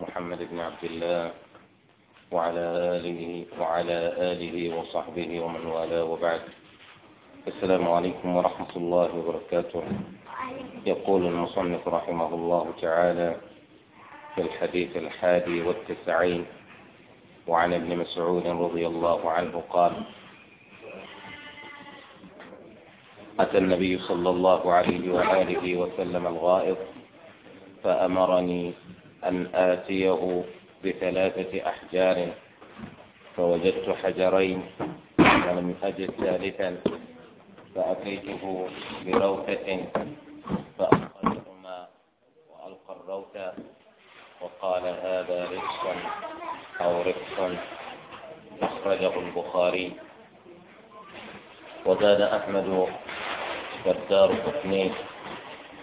محمد بن عبد الله وعلى آله وعلى آله وصحبه ومن والاه وبعد السلام عليكم ورحمة الله وبركاته يقول المصنف رحمه الله تعالى في الحديث الحادي والتسعين وعن ابن مسعود رضي الله عنه قال أتى النبي صلى الله عليه وآله وسلم الغائط فأمرني أن آتيه بثلاثة أحجار فوجدت حجرين ولم أجد ثالثا فأتيته بروثة فأخذهما وألقى الروثة وقال هذا رفق أو رفق أخرجه البخاري وزاد أحمد والدار قطني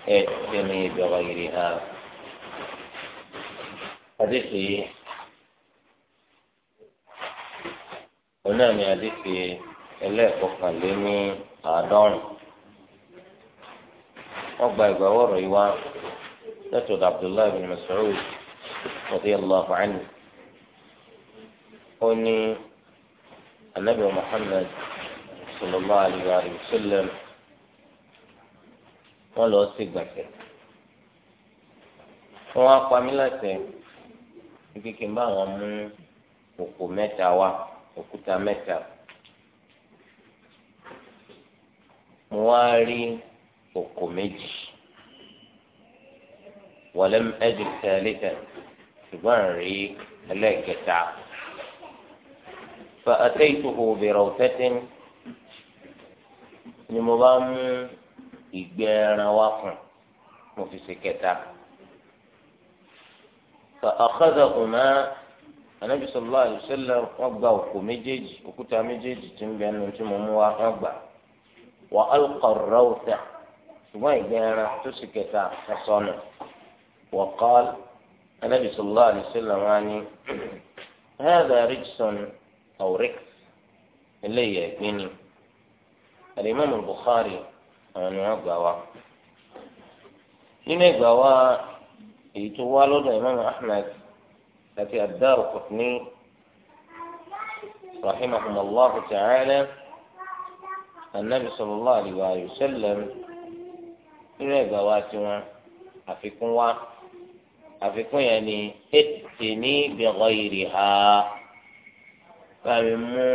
ائتني بغيرها àdéhì onáà ní àdéhì ẹlẹ́ẹ̀kọkànléní àádọ́rùn wọ́n gba ìgbàwọ́rọ̀ yìí wá lẹ́tọ̀ọ́ Abdullahi bin Mas'ud radiyallahu anhu ó ní anabi Muhammad sallallahu alayhi wa sallam wọ́n lọ sí gbàgbẹ́ wọ́n á láti wípé kí n bá wọn mú òkú mẹ́ta wá òkúta mẹ́ta mo wá rí òkú méjì wọlé ẹjù tẹlifẹ ṣùgbọ́n rí ẹlẹ́ẹ̀kẹta fa atẹ́yìtòkò bẹ̀rẹ̀ òtẹ́tẹ́ ni mo bá mú ìgbẹ́ ẹran wá fún mo fi ṣe kẹta. فأخذهما النبي صلى الله عليه وسلم وقبا وكمجج وكتا مجج تنبي أنه تمم وقبا وألقى الروث ثم يجينا تسكتا حصانا وقال النبي صلى الله عليه وسلم يعني هذا رجس أو ركس اللي يبيني الإمام البخاري أنا يعني أقوى èyí tó wá lọ́dọ̀ imam ahmed àti ad-Daraqutni rahimahumullah ta'ala anabi sallallahu alayhi wa sallam nínú ẹgbà wa ti wọn àfikún wa àfikún yẹn ni ètè ní bi ghayriha báyìí mú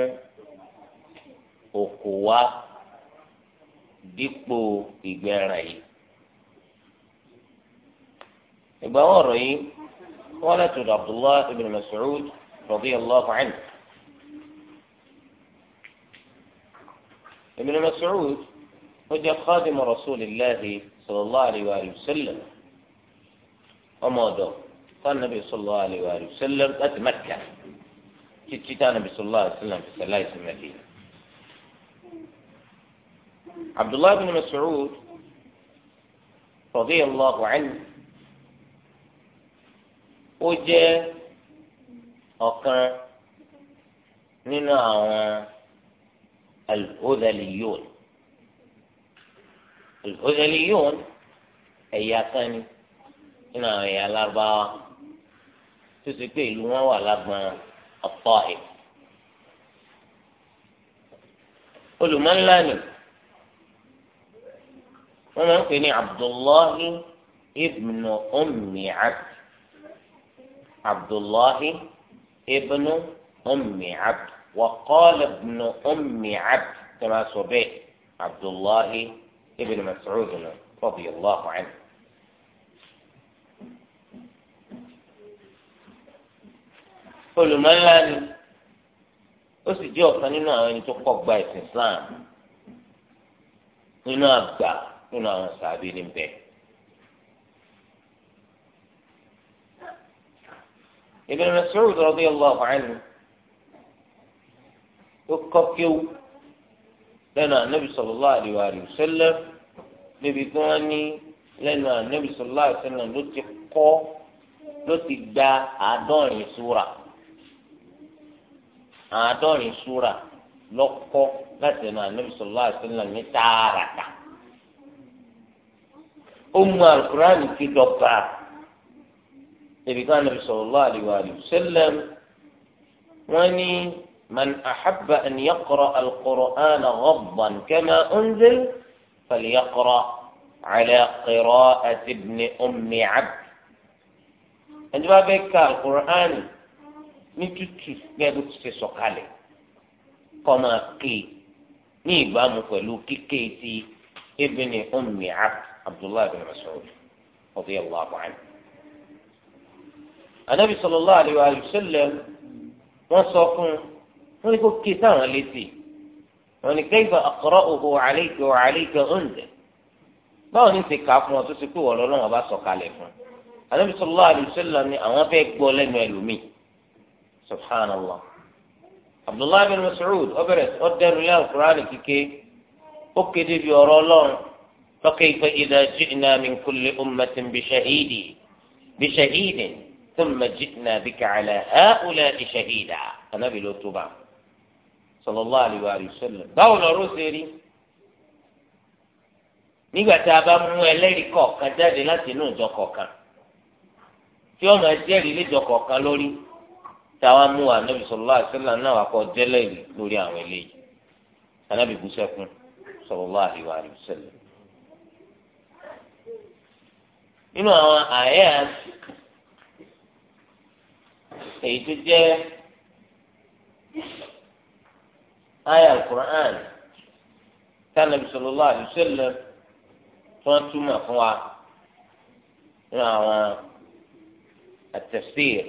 òkú wa dípò ìgbẹ́ràn yìí. إبوا رأي ولد عبد الله بن مسعود رضي الله عنه ابن مسعود وجد خادم رسول الله صلى الله عليه وآله وسلم أماده قال النبي صلى الله عليه وآله وسلم أتمكن كتشت النبي صلى الله عليه وسلم في سلايس المدينة عبد الله بن مسعود رضي الله عنه ó jẹ́ ọ̀kan nínú àwọn al-Hudhaliyun al-Hudhaliyun ẹ̀yà kan ni nínú àwọn ẹ̀yà Lárúbáwá tó ti pé ìlú wọn wà lágbọn At-Ta'if olùmọ̀nlá ni wọ́n máa ń pè ní Abdullahi ibn Ummi Abd. عبد الله ابن أم عبد وقال ابن أم عبد كما سبق عبد الله ابن مسعود رضي الله عنه olùmọ̀láni ó sì jẹ́ ọ̀kan nínú àwọn ẹni tó kọ́ gba ìsìn Islam nínú àgbà nínú àwọn sàbí níbẹ̀. Ibn Mas'ud radiyallahu anhu ó kọ́ kéwú lẹ́nu ànábì sallallahu alaihi wa sallam níbi tí wọ́n ní lẹ́nu ànábì sallallahu alaihi wa sallam ló ti kọ́ ló ti gba àádọ́rin súra àádọ́rin súra lọ́kọ́ láti ẹnu ànábì sallallahu alaihi wa sallam ní tààràtà ó mú alukurani fi dọ̀gba nìbíkan nàbì sallallahu alaihi wa sallam wọ́n ní man ahabba an yaqra al-Qur'ana ghaddan kama unzil falyaqra ala qira'ati ibn ummi abd ẹni bá fẹ́ ka alukur'ani ní tútù bẹ́ẹ̀ ló ti sọ̀kalẹ̀ kọ́ máa ké ní ìbámu pẹ̀lú kíké ti ibn ummi abdullahi bin mas'ud radiyallahu anhu anabi sallallahu alaihi wa sallam wọn sọ fún wọn ní kó ké sáwọn létí wọn ní kayfa aqra'uhu alayka wa alayka unza báwo ni ti kà á fún ọ tó ti pé wọ́n lọ́wọ́ bá sọ kalẹ̀ fún anabi sallallahu alaihi wa sallam ni àwọn fẹ́ gbọ́ lẹ́nu ẹlòmíì subhanallah abdullahi bin mas'ud ọbẹ̀rẹ̀ ọdẹnu lẹ́yìn alukuraani kíké ó kéde bí ọ̀rọ̀ ọlọ́run fa kayfa idha ji'na min kulli ummatin bi shahidi bi ثم جئنا بك على هؤلاء شهيدا النبي لو توبا صلى الله عليه وآله وسلم báwo lọ̀rọ̀ ṣe rí nígbà tá a bá mú ẹlẹ́rìí kọ̀ọ̀kan jáde láti inú ìjọ kọ̀ọ̀kan tí ọmọ ẹjẹ́rìí léjọ kọ̀ọ̀kan lórí táwọn mú ànábì sallallahu alaihi wasallam náà wàá kọ́ jẹ́lẹ̀rì lórí àwọn eléyìí ànábì bú sẹ́kún sallallahu alaihi wasallam. nínú àwọn àyà èyí tó jẹ́ àyà alukur'an tánà bisalòlá àdùsẹ́lẹ̀ tó ń túmọ̀ fún wa nínú àwọn àtẹ̀síìr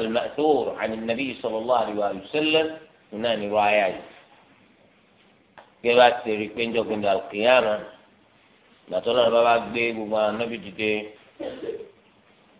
المأثور عن النبي صلى الله عليه وسلم من روايات كما تري بين القيامة لا ترى بابا بيبو ما نبي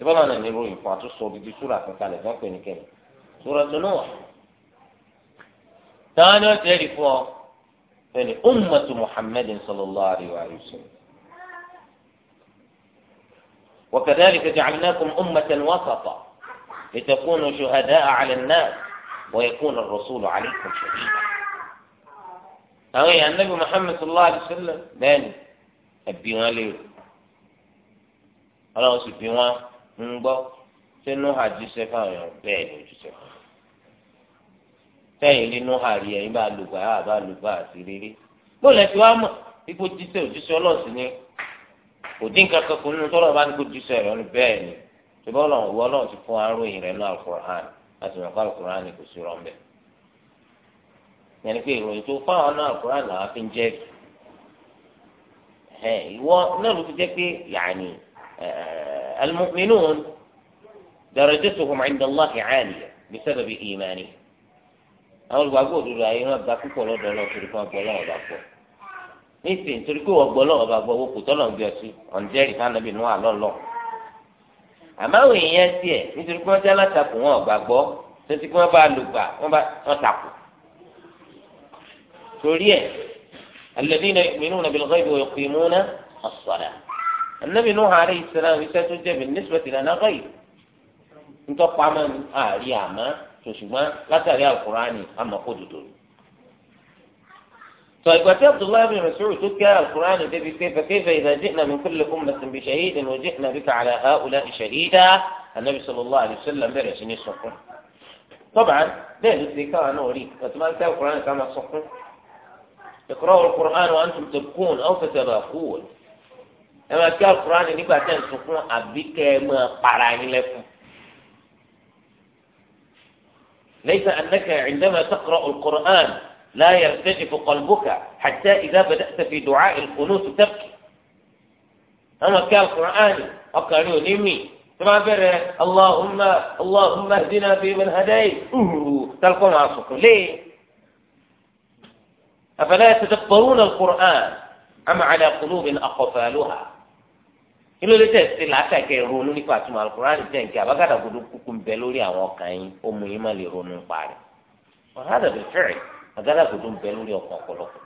ìbọ́lá náà ní ròyìn fún àtúnṣe odidi súrà kankanlẹ̀ fún pé nìkẹ́ni súrà tó náà táwọn ni iroyin fun atunse odidi sura kankanle fun pe nikeni sura to naa tawon ni o ti rí fún ọ fẹ́ni ummatu muhammadin sallallahu alayhi wa sallam وكذلك جعلناكم أمة وسطا لتكونوا شهداء على الناس ويكون الرسول عليكم شهيدا àwọn èèyàn nabi muhammed sallallahu alayhi wa sallam bẹ́ẹ̀ni ẹbí wọn léèrè Ọlọ́run sì bí wọn ń gbọ́ ṣé nóhà jíṣẹ́ fáwọn èèyàn bẹ́ẹ̀ ni ojúṣe fún un sẹ́yìn rí nóhà bá lùgbà á bá lùgbà àti rírí bóòlù ẹ̀sìn wa mọ̀ ipò jíṣẹ́ òjíṣẹ́ ọlọ́ọ̀sìn ni kò dín kankan kò nínú tọ́lọ̀ bá ní kó jíṣẹ́ rẹ̀ bẹ́ẹ̀ ni ṣùgbọ́n ọlọ́run wọ ọlọ́run ti fún المؤمنون درجتهم عند الله عالية بسبب إيمانهم àwọn olùgbàgbọ́ òdodo ayé wọn gba púpọ̀ lọ́dọ̀ lọ torí fún ọgbọ́n lọ́wọ́ bá gbọ́ nísìnyí torí pé ọgbọ́n lọ́wọ́ bá gbọ́ owó kò tọ́lọ̀ ń gbé ọtí ọ̀njẹ́rì fánábì nù àlọ́lọ́ àmọ́ àwọn èèyàn tiẹ̀ nítorí pé wọ́n jẹ́ alátakò wọn ọ̀gbà gbọ́ títí pé wọ́n bá lò gbà wọ́n bá wọ́n takò torí ẹ̀ alladhina yu'minuna bil ghaibi wa yuqimuna as-salah النبي نوح عليه السلام يسجد بالنسبة لنا غير انت قام آري عما تشما لا تري القرآن أما قدوته طيب أتى عبد الله بن مسعود تذكر القرآن تبي كيف كيف إذا جئنا من كل أمة بشهيد وجئنا بك على هؤلاء شهيدا النبي صلى الله عليه وسلم برش يسقون طبعا ليه الذكاء نوري وتمام القرآن كما صحون اقرأوا القرآن وأنتم تبكون أو تتباكون ẹ máa kí alukurani nígbà tẹ́ ń sunkún àbí kẹ́ ẹ máa para yín lẹ́kùn. ليس أنك عندما تقرأ القرآن لا يرتجف قلبك حتى إذا بدأت في دعاء القنوت تبكي أما كالقرآن أقالوا نمي ثم بر اللهم اللهم اهدنا في من هديت تلقون عصفك ليه أفلا يتدبرون القرآن أم على قلوب أقفالها kí ló dé tẹ̀sí látàkẹ́ ronú nípa àtúmọ̀ alukur'an jẹ́ nǹkan àbágàdà gbọdọ̀ kúkú ń bẹ lórí àwọn ọkàn yín ó mú yín má lè ronú nípa rẹ̀ ọ̀hádà bẹ̀ fẹ́rẹ̀ àgàdà gbọdọ̀ ń bẹ lórí ọkàn ọ̀pọ̀lọpọ̀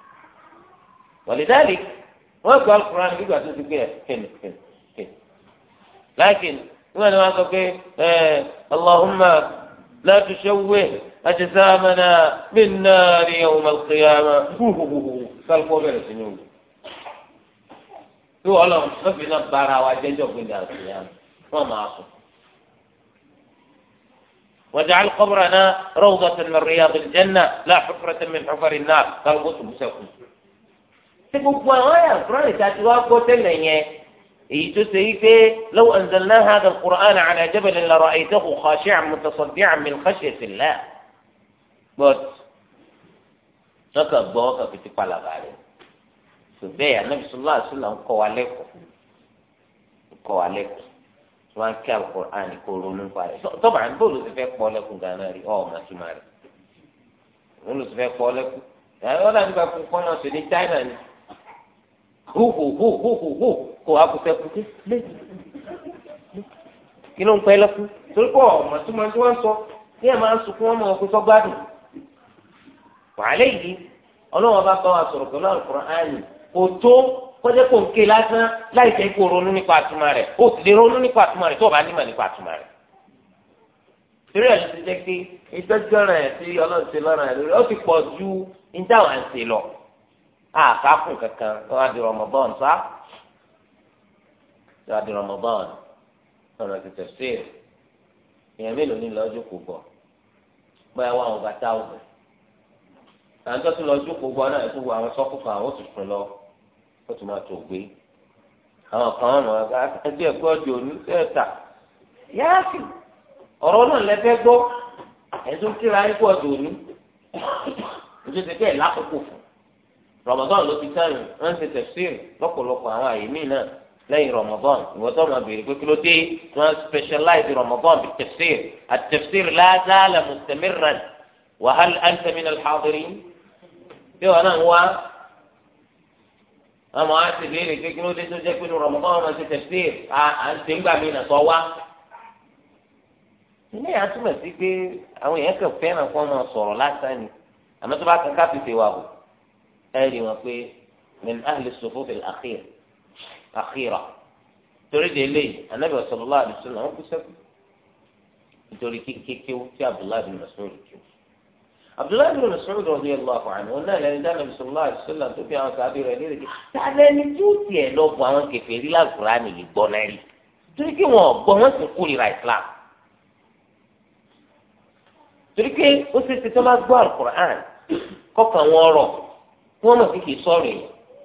wàlídàálì wọ́n gbọ́ alukur'an nígbà tó ti gbé ẹ̀ kẹ́nìkẹ́nì láàkìn nígbà tí wọ́n sọ pé ẹ̀ Allahumma la tushawwih ajsamana min nari tí wọ́n lọ lọ́bì náà bára wa jẹ́jọ́ gbẹ̀dẹ̀ àgbẹ̀yàn wọ́n máa kù. واجعل قبرنا روضة من رياض الجنة لا حفرة من حفر النار قال قلت مسكون تقول وانا القرآن تاتي واقوة لن يتسيك لو أنزلنا هذا القرآن على جبل لرأيته خاشعا متصدعا من خشية الله بس نكبوك في تقال غالب tó bẹ́ẹ̀ anabi sọlá ń kọ́ wa lẹ́kọ̀ọ́ ń kọ́ wa lẹ́kọ̀ọ́ tó bá ń kí alukur'an ronú pa rẹ̀ tọ́ba ń bọ̀ olùsí fẹ́ pọ́ lẹ́kùn gánà rí ọ́ ọ̀ma tó máa rí olùsí fẹ́ pọ́ lẹ́kùn gánà nígbà kó kọ́ náà sí ní China ni hóhóhóhóhó kú kí ló ń pẹ́ kò tó kọjá kò ń ké lásán láì jẹ́ kó ronú nípa àtúmọ̀ rẹ̀ ó sì lè ronú nípa àtúmọ̀ rẹ̀ tó o bá nímọ̀ nípa àtúmọ̀ rẹ̀ torí ẹ̀ ló ti jẹ́ pé ìtọ́jú ọ̀ràn ẹ̀ tí ọlọ́run ṣe lọ́ràn ẹ̀ lórí ó ti pọ̀ ju níta wà ń ṣe lọ. àkàkùn kankan tó wá di Ramadan sá tó wá di Ramadan ọ̀rọ̀ tètè sí ẹ̀ èèyàn mélòó ní lọ́jọ́ kò bọ̀ bóyá wà wọn bá táwọn. àǹtọ́ tó lọ́jọ́ kò bọ̀ náà ẹ̀kú wọ́n tún máa tó gbé àwọn kan wọn máa gba ẹgbẹ́ ẹ̀kọ́ ọjọ́ òní sẹ́ẹ̀ta yáàfì ọ̀rọ̀ náà lẹ́fẹ́ gbọ́ ẹ̀sùn kíra ẹ̀kọ́ ọjọ́ òní ojúṣe bẹ́ẹ̀ lákòókò fún rọmọdán ló ti sáyìn wọ́n ti tẹ̀síìn lọ́pọ̀lọpọ̀ àwọn àyè míì náà lẹ́yìn rọmọdán ìwọ tó máa béèrè pé kí ló dé wọ́n specialize rọmọdán bí tẹ̀síìn àtẹ̀síìn láàzálà mùsùlùmí rẹ̀ wàhálà àǹtẹ̀mí àmọ́ á ti léèrè pé kí ló dé tó jẹ́ pé rọ̀mọ́ bá wọn ti tẹ̀sí à ń tẹ̀ ńgbà mí nà sọ wá. ilé yà túmọ̀ sí pé àwọn èèyàn kan fẹ́ràn kó wọn sọ̀rọ̀ lásán ni àmọ́ tó bá kan ká fìfè wà o ẹ rí wọn pé min ahli sufuf al-akhir torí de lé anabi sallallahu alaihi wasallam wọn kú nítorí kékeré tí abdullahi bin Mas'ud kí abdullahi bin Mas'ud radiyallahu anhu òun náà lẹni dáná bisalòlá àdìsọlá tó fi àwọn sábẹ rẹ léèrè tààlẹ ni tí ó tiẹ̀ lọ bọ àwọn kèfèrí lágbára nìyí gbọ́ náà rí torí pé wọn gbọ́ wọn sì kórìíra islam torí pé ó ṣe ti tó máa gbọ́ alukur'an kọkàn wọn rọ kí wọn mọ sí kì í sọ̀rọ̀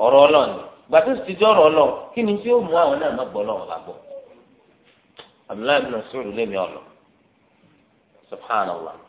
ọ̀rọ̀ Ọlọ́run gbà tó ti jọrọ Ọlọ́run kí ni tí ó mú àwọn náà má gbọ́ Ọlọ́run bá gbọ́ abdullahi bin Mas'ud lèmi ọlọ subhanallah.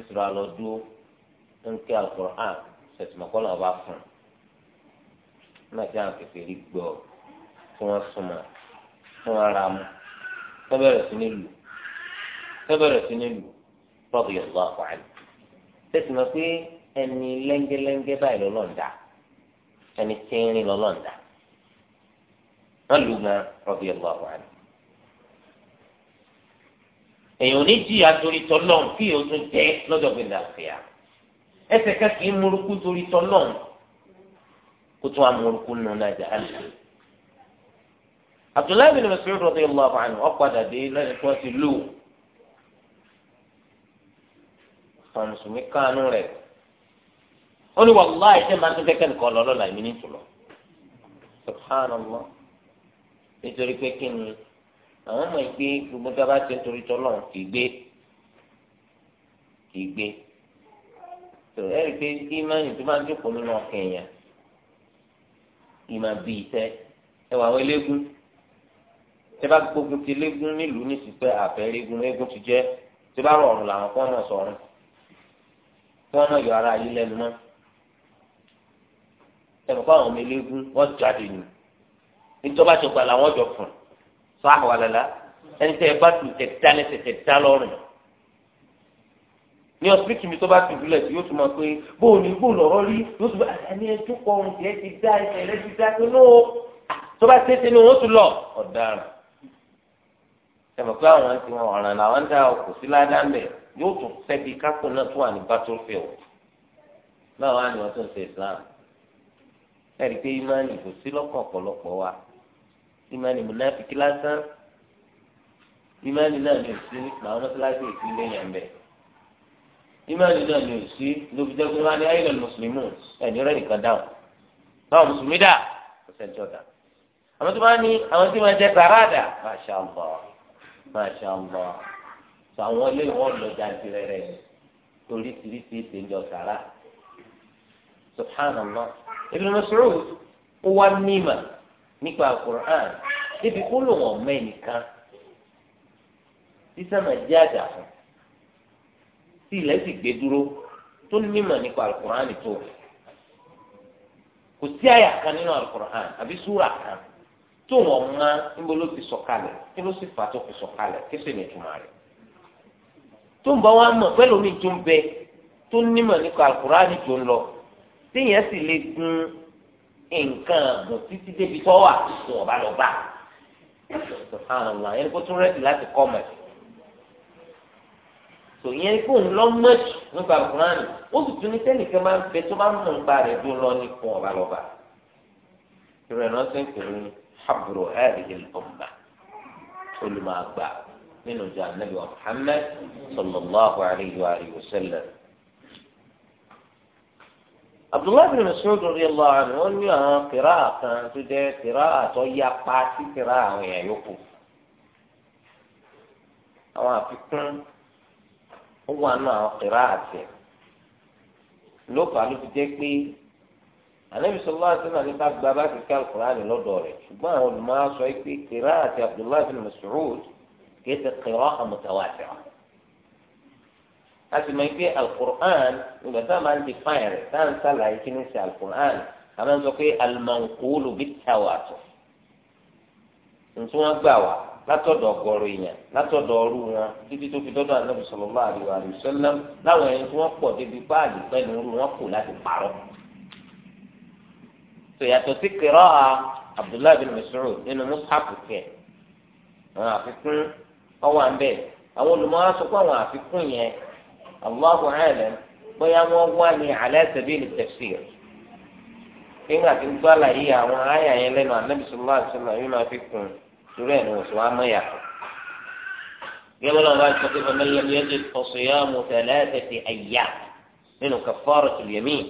ìṣòro àlọ́dúró ń kí alukur'an ṣètìmọ̀kọ́ náà bá fún un nígbà tí àwọn kẹfẹ́ rí gbọ́ tí wọ́n súnmọ́ fún ara mu tẹ́bẹ̀rẹ̀ sí ní lù tẹ́bẹ̀rẹ̀ sí ní lù tọ́kì yọ̀gbọ́ àkọ́hálì ṣètìmọ̀ pé ẹni lẹ́ngẹ́lẹ́ngẹ́ báyìí lọ́lọ́ǹda ẹni tẹ́rin lọ́lọ́ǹda wọ́n lù gan tọ́kì yọ̀gbọ́ àkọ́hálì èèyàn ní jìyà torí tọ́lọ́n kí èèyàn tún jẹ́ lọ́jọ́ gbé dàgbéyà ẹsẹ̀ kẹ́kì ń múrukú torí tọ́lọ́n kó tún amúrukú nù náà jẹ́ àlè. Abdullahi bin Mas'ud radiyallahu anhu ọ̀padà dé lẹ́yìn tí wọ́n ti lù ú. àwọn mùsùlùmí kánú rẹ̀ ó ní wàláì ṣe máa tún kẹ́kẹ́ nìkan lọ́lọ́lá ìmí nìtúlọ̀ subhanallah nítorí pé kí ni àwọn ọmọ ìgbé gbogbo tí a bá ti ń torí tọ́lọ̀ kì í gbé kì í gbé tó ẹ rí i pé ìmánì tó máa ń jókòó nínú ọkàn èèyàn ìmọ̀ bíi iṣẹ́ ẹ wà àwọn eléégún tí a bá gbógun ti eléégún nílùú ní sísẹ àfẹ eléégún eégún ti jẹ tí a bá rọrùn làwọn kọ́ náà sọ̀rọ̀ kí wọ́n náà yọ ara yìí lẹ́nu mọ́ ẹ̀rọ àwọn ọmọ eléégún wọ́n jáde nù nítorí wọ́n bá ti gbà làwọn jọ fún un sọ àwàlálà ẹni tẹ ẹ bá tù tẹ dá ní tẹtẹ dá lọ́rùn ní ọsibítù mi tó bá tù dúlẹ̀ tí yóò tún máa pé bóun ní bóun lọ́rọ́ rí yóò tún bá ẹni ẹjọ́ kọ ohun tiẹ̀ ti dá ẹsẹ̀ rẹ ti dá tó lóo tó bá tẹ́tẹ́ ni wọ́n tún lọ ọ̀daràn ẹ̀mọ̀ pé àwọn ti wọn ọ̀ràn làwọn dá òkú sí ládàá mẹ́ yóò tún sẹ́bi kápò náà tún wà ní battlefield báwọn àni wọn tún ṣe Islam ẹ̀rí pé imáàlì kò sí lọ́kàn ọ̀pọ̀lọpọ̀ wa ìmánì mùnáfíkì lásán ìmánì náà ní òsì làwọn mọ́sálásí ìpínlẹ̀ yẹn bẹ̀. ìmánì náà ní òsì ló fi jẹ́ pé wọ́n á ní ayélujára mùsùlùmí ẹ̀ní rẹ̀ nìkan dáhùn. báwo mùsùlùmí dà kò sẹ́ńtì ọ̀dà. àwọn tó bá ní àwọn tí wọ́n jẹ́ sàràdà Masha Allah Masha Allah sọ àwọn ilé wọn lọ jáde rẹ̀ rẹ̀ oríṣiríṣi ètè ìjọ sàrà Subhanallah Ibn Mas'ud ó wá mímà nípa alukur'an níbi kó lò wọ́n mọ jẹ́ àjà fún tí ilẹ̀ sì gbé dúró tó nímọ̀ nípa alukur'an tó kò sí àyà kan nínú alukur'an àbí súrà kan tó wọ́n mọ níbo ló ti sọ̀kalẹ̀ kí ló sì fà tó fi kí sì ní ìtumọ̀ rẹ̀ tó ń bọ̀ mọ̀ tó ń bẹ tó nípa tó ń lọ téèyàn sì lè gun nǹkan ọ̀gùn títí débi tó wà tó ọba lọ bá ẹni kó tún rẹ́dì láti kọ́ mọ̀ tò yẹn kó ń lọ mọ́tì nípa kúránì ó sì tún ní sẹ́nìkan máa ń bẹ tó bá ń mú nípa rẹ̀ dún lọ ní fún ọba lọ bá ìrẹ̀ náà ṣe ń pèrè ní habro ẹ̀rìhìn ọ̀gbà olùmọ̀ àgbà nínú ìjọ ànábì Muhammad sallallahu alayhi wa sallam abdullahi bin masoud radiyallahu anhu ó ní àwọn kìrá kan tó jẹ kìrá àtọ yapa sí kìrá àwọn èèyàn yòókù àwọn àfikún ó wà nù àwọn kìrá àti ló fà ló fi jẹ pé anabi sọlá àti nàní bá gba bá ti ká alukurani lọ́dọ̀ rẹ̀ ṣùgbọ́n àwọn olùmọ̀ àṣọ yìí pé kìrá àti abdullahi bin masoud kìí ti kìrá àmọtàwátìrà láti mọ̀ pé alukur'an nígbà tá a máa ń di fáìn rẹ̀ tá a ń sàlàyé kí ni ṣe alukur'an a máa ń sọ pé alimankulu bi tawatur ntun wọn gbà wá látọ̀dọ̀ ọgọ́rọ̀ èèyàn látọ̀dọ̀ ọrú wọn títí tó fi dọ́dọ̀ ànábì sallallahu alaihi wasallam láwọn ẹni tí wọ́n pọ̀ débi páàdì pẹ́ẹ́lú irú wọn kù láti parọ́. tòyàtọ̀ sí qira'a abdullahi bin Mas'ud nínú mùsàfù kẹ̀ àwọn àfikún ọwọ́ àbẹ̀ àwọn olùmọ̀ á sọ pé àwọn àfikún yẹn Allahu alam bóyá wọ́n wá ní ala sabil at-tafsir nígbà tí ń gbọ́ àlàyé àwọn àyà yẹn lẹ́nu Ànábì sallallahu alaihi wasallam yìí máa fi kún sórí ẹ̀ ní wọ́n sọ wá mọ́yà. قبل ما تقف من لم يجد فصيام ثلاثة أيام من كفارة اليمين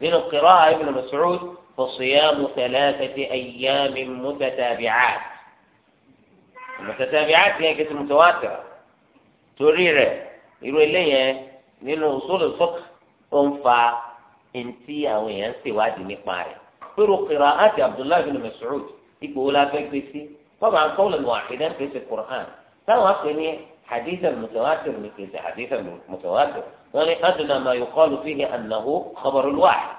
من قراءة ابن مسعود فصيام ثلاثة أيام متتابعات المتتابعات هي كتب متواترة تريره irú eléyẹn nínú sódò sọk ó ń fa eŋti àwọn èèyàn ń ṣèwádìí nípa rẹ̀ pẹ̀lú kìrà àti abdullahi bin mas'ud ipò wo la fẹ́ gbé sí fọwọ́ àwọn kọ́wọ́lẹ̀ ní wàhídẹ́ ń pèsè quran táwọn akpè ní hadith mutawatir ní kejì hadith mutawatir wọn ni adùnà ma yuqalu fihi annahu khabarul wahid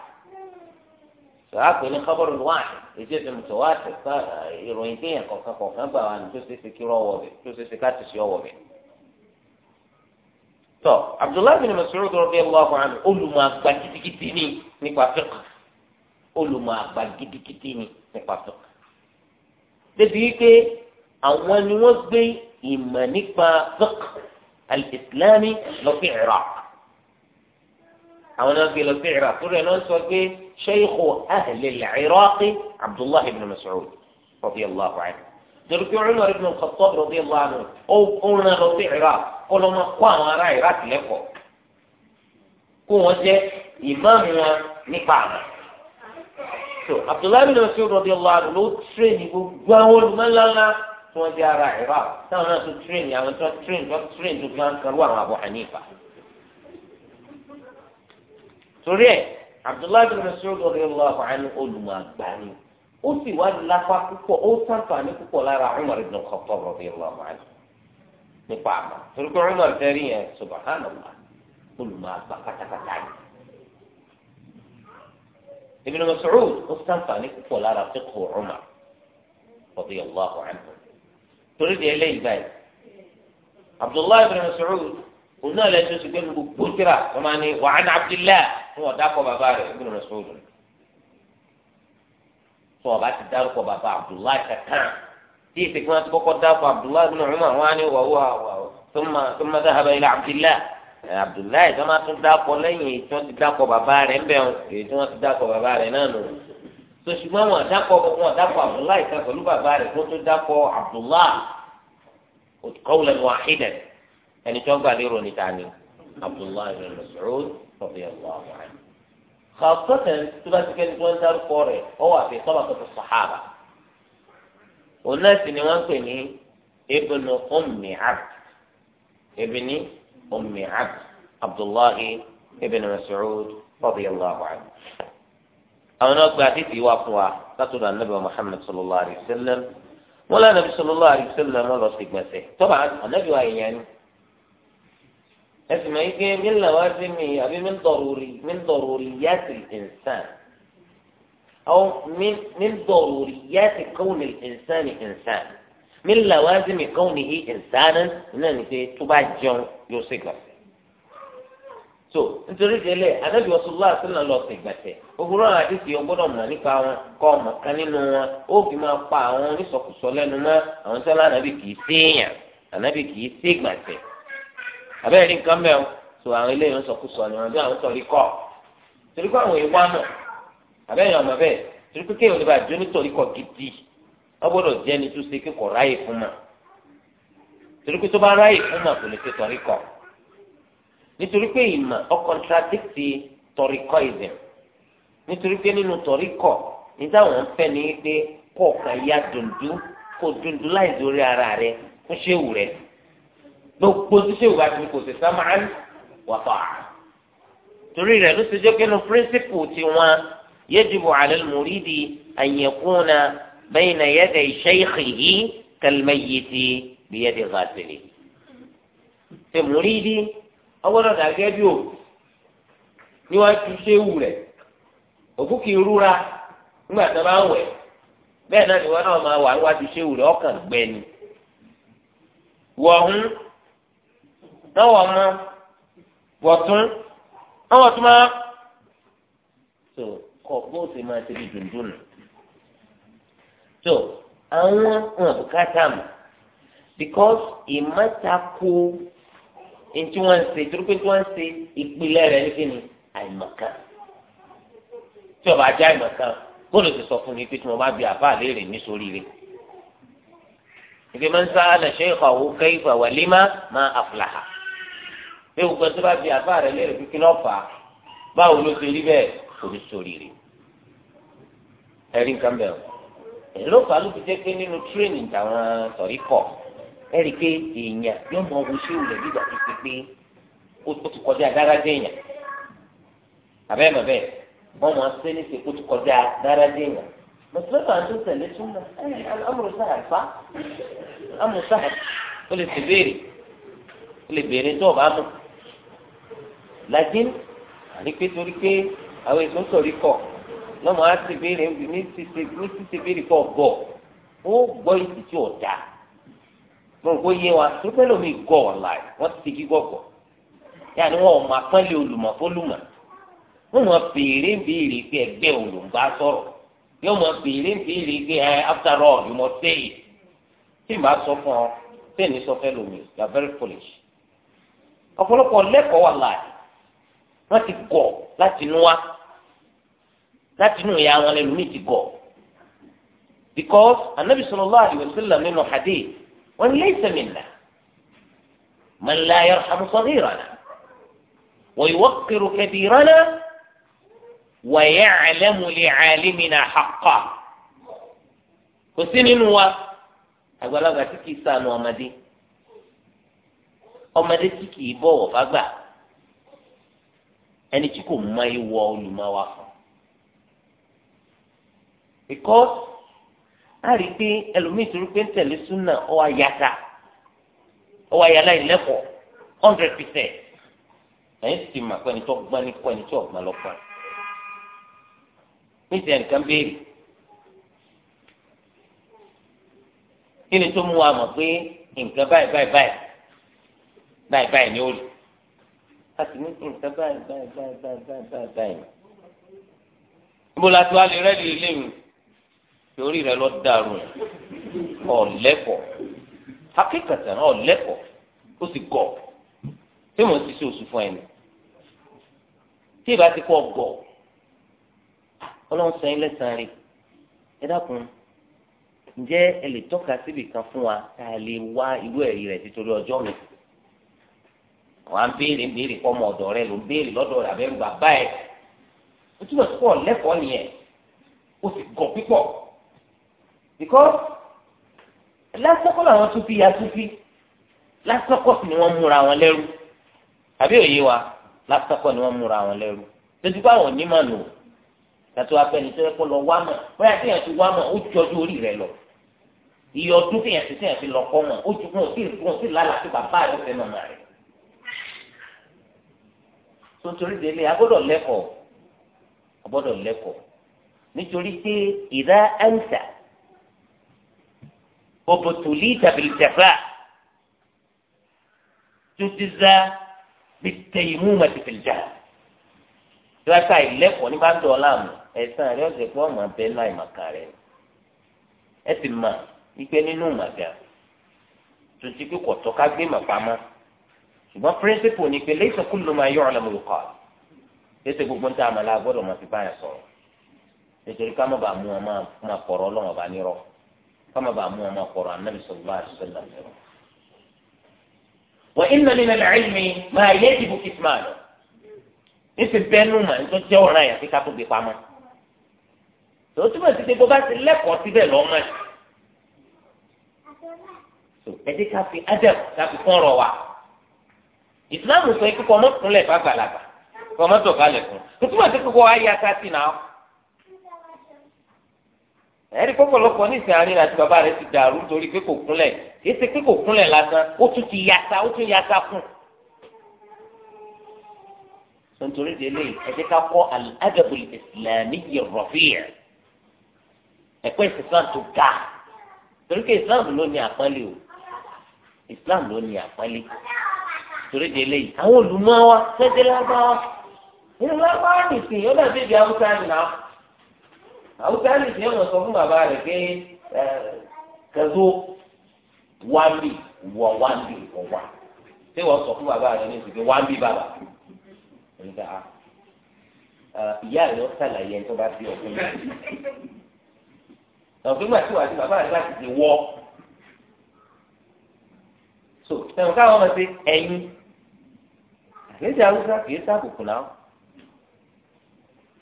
sọ́yà pé ní kọ́bọ̀rù ní wáhì èsì ti mùtò wá ìròyìn téèyàn kọ̀ọ̀kan kọ̀ọ̀kan gbà wà ní tó ṣe é ṣe kí ọwọ́ bẹ̀ tó ṣe é ṣe ká ti ṣe ọwọ́ bẹ̀ tọ abdullahi bin mas'ud radiyallahu anhu olùmọ̀ àgbà gidigidi ni nípa fiqh olùmọ̀ àgbà gidigidi ni nípa fiqh débi wípé àwọn ni wọ́n gbé ìmọ̀ nípa fiqh al-islami lọ sí iraq àwọn náà gbé lọ sí iraq tó rẹ náà sọ pé shaykhu ahli iraq abdullahi bin mas'ud radiyallahu anhu torí pé Umar ibn al-Khattab radiyallahu anhu ó ń rán lọ sí Iraq kó lọ́ máa kó àwọn ará Iraq lẹ́kọ̀ọ́ kó wọ́n jẹ́ ìmáàmù wọn nípa àná. so Abdullahi bin Mas'ud radiyallahu anhu ló tírèèni gbogbo àwọn olùmọ̀láńlá tí wọ́n jẹ́ ará Iraq táwọn náà tó tírèèni àwọn tó tírèèni tó tírèèni tó fi hàn kan lú àwọn Abu Hanifa torí ẹ Abdullahi bin Mas'ud radiyallahu anhu ó sì wá lápá púpọ̀ ó sàǹfààní púpọ̀ lára Umar ibn Khattab radiyallahu anhu nípa àmọ́ torí pé Umar fẹ́rí yẹn subhanallah olùmọ̀ àgbà pátápátá yìí. Ibn Mas'ud ó sàǹfààní púpọ̀ lára fiqhu Umar radiyallahu anhu torí di eléyìí báyìí Abdullahi ibn Mas'ud òun náà lẹ́sọ̀ sí pé gbogbo tíra wọ́n máa ní wàhánà Abdullahi wọn dákọ̀ bàbá rẹ̀ Ibn Mas'ud rẹ̀ tó ọba ti dárúkọ bàbá abdullahi kankan tí èsì kí wọn ti kọ́kọ́ dárúkọ abdullahi bin umar wọn á ní wàhù àwọn tó má dáhàbà ilà abdullahi abdullahi tó má tún dárúkọ lẹ́yìn tí wọ́n ti dárúkọ bàbá rẹ̀ ń bẹ̀ wọn èyí tí wọ́n ti dárúkọ bàbá rẹ̀ náà nù. tó ṣùgbọ́n wọn dákọ wọn dákọ abdullahi kan pẹ̀lú bàbá rẹ̀ tó tún dákọ abdullahi qawlan wahidan ẹni tó gbà níta ni abdullahi bin Mas'ud radiyallahu خاصة تبقى كان يكون دار قرية هو في طبقة الصحابة والناس اللي ممكن ابن أم عبد ابن أم عبد عبد الله ابن مسعود رضي الله عنه أو نقول في وقوع تقول النبي محمد صلى الله عليه وسلم ولا النبي صلى الله عليه وسلم ما بصدق مسيح طبعا النبي يعني ẹsìn máa ń gbé mí làwọn á sí mi àbí mí dọ̀rùrì mí dọ̀rùrì yá sí ìnsán àwọn mí dọ̀rùrì yá sí kọ́wùnì ìnsán ní ìnsán mí làwọn á sí mi kọ́wùnì yí ìnsán náà ní pé tó bá jẹun yóò sì gbàgbé. so nítorí délé anábì ọ̀ṣunlá sílẹ̀ lọ sí ìgbàtẹ̀ òwúrọ̀ àdìsí ọgbọ́dọ̀ mọ̀ nípa wọn kọ́ ọmọ kan nínú wọn ó fi máa pa àwọn oníṣọ̀kùsọ lẹ́nu mọ́ àwọn tí wọ́n àbẹ́rẹ́ ní nǹkan mẹ́rin tó àwọn eléyìí ń sọkúsọ ni wọn bí àwọn sọrí kọ́ torí kọ́ àwọn ìwà náà àbẹ́rẹ́ ọ̀nà bẹ́ẹ̀ torí pé kéèyàn nípa àjọ nítorí kọ́ gidi wọ́n gbọ́dọ̀ jẹ́ ẹni tó ṣe kíkọ́ ráyè fún mà torí pé tó bá ráyè fún mà kò lè ṣe tọ̀rí kọ́ nítorí pé ìmọ̀ ọ kọ́ntradíkì tọ̀rí kọ́ ìdẹ̀ nítorí pé nínú tọ̀rí kọ́ ní fẹ́ ni pé kọ̀ọ̀kan ya dundun kò dundun láì dórí ara rẹ fún ṣéwù rẹ̀ gbogbo tí sèwà ti kò sí sámán wàfà torí rẹ̀ ló ti jẹ́ pé nu píríncípù tiwọn yajibu ala al-muridi an yakuna bayna yaday shaykhihi kal-mayyiti bi yadi ghasilihi ṣe mùrídì ọgbọ́dọ̀ dàgẹ́ bí o níwájú séwù rẹ̀ òkú rúra nígbà tó bá ń wẹ̀ bẹ́ẹ̀ náà ni wọ́n náà máa wà níwájú séwù rẹ̀ ọkàn gbẹ̀ni wọ̀hún náà wọ́n mọ wọ̀tún náà wọ́n tún máa tó kọ́ bó ṣe máa ṣe bí dundun tó àwọn wọn bùkátà mọ̀ because ìmọ̀tako ntí wọ́n ń ṣe torípé tí wọ́n ń ṣe ìpìlẹ̀ rẹ̀ ní kíni àìmọ̀kan tí ọba ajá àìmọ̀kan bóòlù ti sọ fún mi pé tí mo bá bi àbá àléèrè mi sórí rẹ̀ ìgbìmọ̀ nsá àlẹ́ ṣe é kọ̀ wọ́n kẹ́ ìfọ̀wẹ́límà máa àfúlàhà pé gbogbo ẹ tó bá di àfa rẹ lérè kíkí náà fà á báwo ló ṣe rí bẹ́ẹ̀ kò ní sórí rè ẹ̀rí nǹkan bẹ́ẹ̀ o èyí ló fà á ló fi jẹ́ pé nínú tírénì táwọn sọ̀rí kọ̀ ẹ̀rí pé èèyàn yóò mọ ohun ṣé òun lè bí ìgbà tó ti pé ó ti kọjá dáradé èèyàn àbẹ́ẹ̀ mọ̀ bẹ́ẹ̀ wọ́n mọ̀ ṣé ní ṣe ó ti kọjá dáradé èèyàn mọ̀tòlọ́tò àti tẹ̀lé súnmọ́ amúrò sáà fa amúrò ó lè ṣèbéèrè ó lè béèrè tó o mú lakin àní pé torí pé àwọn èso ń sọ̀rí kọ̀ lọ́mọ á ti béèrè ní ṣíṣe béèrè kọ̀ bọ̀ ó gbọ́ ìsì tí ò dáa mo rò pé yé wa tó pẹ́ lómi gọ̀ ọ̀la wọ́n ti kí gbọ̀gbọ̀ yàrá wọn ò máa pọ́nlé olùmọ̀ fólùmọ̀ wọn máa béèrè béèrè pé ẹgbẹ́ olùmbá sọ̀rọ̀ yóò máa béèrè béèrè pé ẹ eh, after all you must say it tí n bá sọ fún ọ tẹ́ẹ̀ sọ fẹ́ lómi you are very foolish ọ̀pọ̀lọpọ̀ lẹ́kọ̀ọ́ wà láàyè wọ́n ti kọ̀ láti inú wa láti inú ìyá wọn lẹ́lòmíì ti kọ̀ because anabi sallallahu alayhi wa sallam nínú hadith wọn laysa minna man la yarhamu saghirana wa yuwaqqiru kabirana wa ya'lamu li'alimina haqqa kò sí nínú wa àgbàlagbà tí kìí ṣàánú ọmọdé ọmọdé tí kìí bọ̀wọ̀ fágbà ẹni tí kò mọ ìwọ olùmọ̀ wa fún because a rí i pé ẹlòmíì torí pé ń tẹ̀lé súnà ọwọ́ ayáta ọwọ́ ayálà ìlẹ́kọ̀ọ́ hundred percent ẹ̀yìn sì mà pé ẹni tó gbọ́n ní kọ́ ẹni tó ọ̀gbọ́n lọ́pọ̀ níta ẹnìkan béèrè kí ni tó mú wa mọ̀ pé nǹkan báyìí báyìí báyìí báyìí báyìí ni ó rí a sì ní nǹkan báyìí báyìí báyìí báyìí báyìí báyìí báyìí. níbo la ti wá lè rẹ́ẹ̀dì eléyìí torí rẹ lọ dàrú ọ̀lẹ́kọ̀ọ́ akẹ́kọ̀ọ́ ọ̀lẹ́kọ̀ọ́ ó sì gọ̀ tí mo ti ṣe oṣù fún ẹni tí ìbá ti kọ́ gọ̀ ọlọ́run sẹ́yìn lẹ́sàn-án rẹ̀ ẹ dákun ǹjẹ́ ẹ lè tọ́ka síbì fún wa tá a lè wá irú ẹ̀rí rẹ̀ títorí ọjọ́ mi wọn á béèrè ń béèrè kọ́ ọmọ ọ̀dọ̀ rẹ ló ń béèrè lọ́dọ̀ rẹ abẹ́rù bàbá ẹ̀ o túbọ̀ pọ̀ lẹ́kọ̀ọ́ nìyẹn o sì gọ̀ pípọ̀ because lásìkò làwọn tún fi ya tún fi lásìkò ni wọ́n múra wọn lẹ́rú àbí òye wa lásìkò ni wọ́n múra wọn lẹ́rú lójú bá wọn onímọ̀ nù tàtó afẹ́ni tó yẹ kó lọ wá mọ̀ bóyá tí yẹn ti wá mọ̀ ó jọjú orí rẹ lọ iye ọdún tí yẹn ti tí yẹn ti lọ kọ́ mọ̀ ó ju kún òsì kún lálàá sí bàbá àdófẹ́ tó torí délé agbọ́dọ̀ lẹ́kọ̀ọ́ agbọ́dọ̀ lẹ́kọ̀ọ́ nítorí pé ìdá ẹ̀ǹsà òbòtòlì tàbílìtàfà tutiza bìtẹ̀yìmú màtìfìlìjà ìwáṣà ìlẹ́kọ̀ọ́ ní bá ń dọ̀ọ́lá mu ẹ̀sán rẹ̀ ọ̀sẹ̀ pé ọ̀mà bẹ́ẹ̀ náà ìmàkà rẹ̀ ẹ mà wípé nínú màgà tuntun kíkọ̀ tó ká gbé màpamọ́ ṣùgbọ́n píríncípù ni pé lẹ́sẹ̀ kú ló máa yọ ọ̀nà mọ̀ lùkọ́ lẹ́sẹ̀ gbogbo ń tà àmàlà gbọ́dọ̀ máa fi báyà sọ̀rọ̀ nítorí ká má bàa mú wọn máa kọ̀rọ̀ ọlọ́run ọba nírọ̀ ká má bàa mú wọn máa kọ̀rọ̀ anábì sọ̀rọ̀ àti sọ̀rọ̀ nírọ̀. wà inna min al-ilmi ma yajibu kitmanu níṣẹ́ bẹ́ẹ̀nu mà nítorí jẹ́ fi ká tó ká fi ádẹ́kù wa ìsìláàmù sọ ikú kọ́ mọ́kúnlẹ̀ fàgbàlagbà kọ́ mọ́tòkálẹ̀ fún un túmọ̀ sí kókó ayé asásì náà ẹ̀rí pọ̀pọ̀lọpọ̀ ní ìsìn àárín àti bàbá rẹ̀ ti dàrú nítorí pé kò kúnlẹ̀ kì í ṣe pé kò kúnlẹ̀ lásán ó tún ti yasa ó tún yasa fún un. nítorí délé ẹ ká kọ́ al-adabul islami ar ẹ̀kọ́ ìsìsán tó ga torí pé islam ló ní àpọ́nlé o islam ló ní àpọ́nlé torí de eléyìí àwọn olùmọ̀wá tẹ́tẹ́ lágbáwá nínú lágbáwá nìsín yóò dàbí ibi haúsá nìyà haúsá nìsín yóò sọ fún bàbá rẹ̀ pé kẹzó wámbì wọ wámbì wọ wá ṣé wọ́n sọ fún bàbá rẹ̀ ní ìsìnkú wámbì bàbá ah. ìyá rẹ̀ ó sàlàyé ẹni tó bá bí ọkùnrin ọ̀gbìn gbà tí wàá di bàbá rẹ̀ láti ti wọ́ so tẹ̀wọ́n káwọn ọmọ ṣe ẹ̀yìn kìí ṣe haúsá kìí ṣe àbùkù náà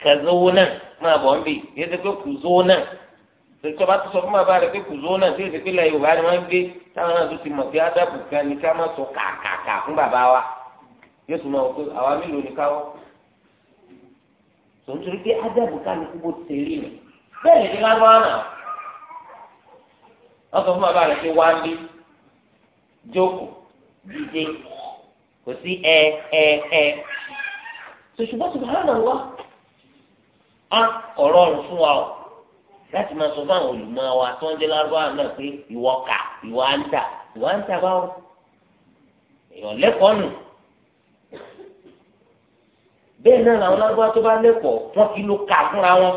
kẹzọwọ náà máa bọ̀ ń bì kìí ṣe pé kùzọwọ náà tẹ̀síọ́ bá tó sọ fún bàbá rẹ̀ pé kùzọwọ náà tí èsì pínlẹ̀ Yorùbá ni wọ́n ń gbé táwọn náà tó ti mọ̀ pé ádàbù kan ní ká má sọ kàkàkà fún bàbá wa yóò tún mọ̀ pé àwa mélòó ni káwọ́ tòun torí pé ádàbù kan ní kúbó ti rí ni bẹ́ẹ̀ ni lágbára wọ́n sọ fún bàbá rẹ̀ pé wá jókòó dídé kò sí ẹ ẹ ẹ ṣùgbọ́n subhanallah á ọ̀rọ̀ ọ̀rùn fún wa o láti máa sọ fún àwọn olùmọ̀ wa tó ń jẹ́ lárúbáwá náà pé ìwọ kà ìwọ á ń tà ìwọ á ń tà báwo èèyàn lẹ́kọ̀ọ́ nù bẹ́ẹ̀ náà làwọn lárúbáwá tó bá lẹ́kọ̀ọ́ wọ́n kì í lo kà fúnra wọn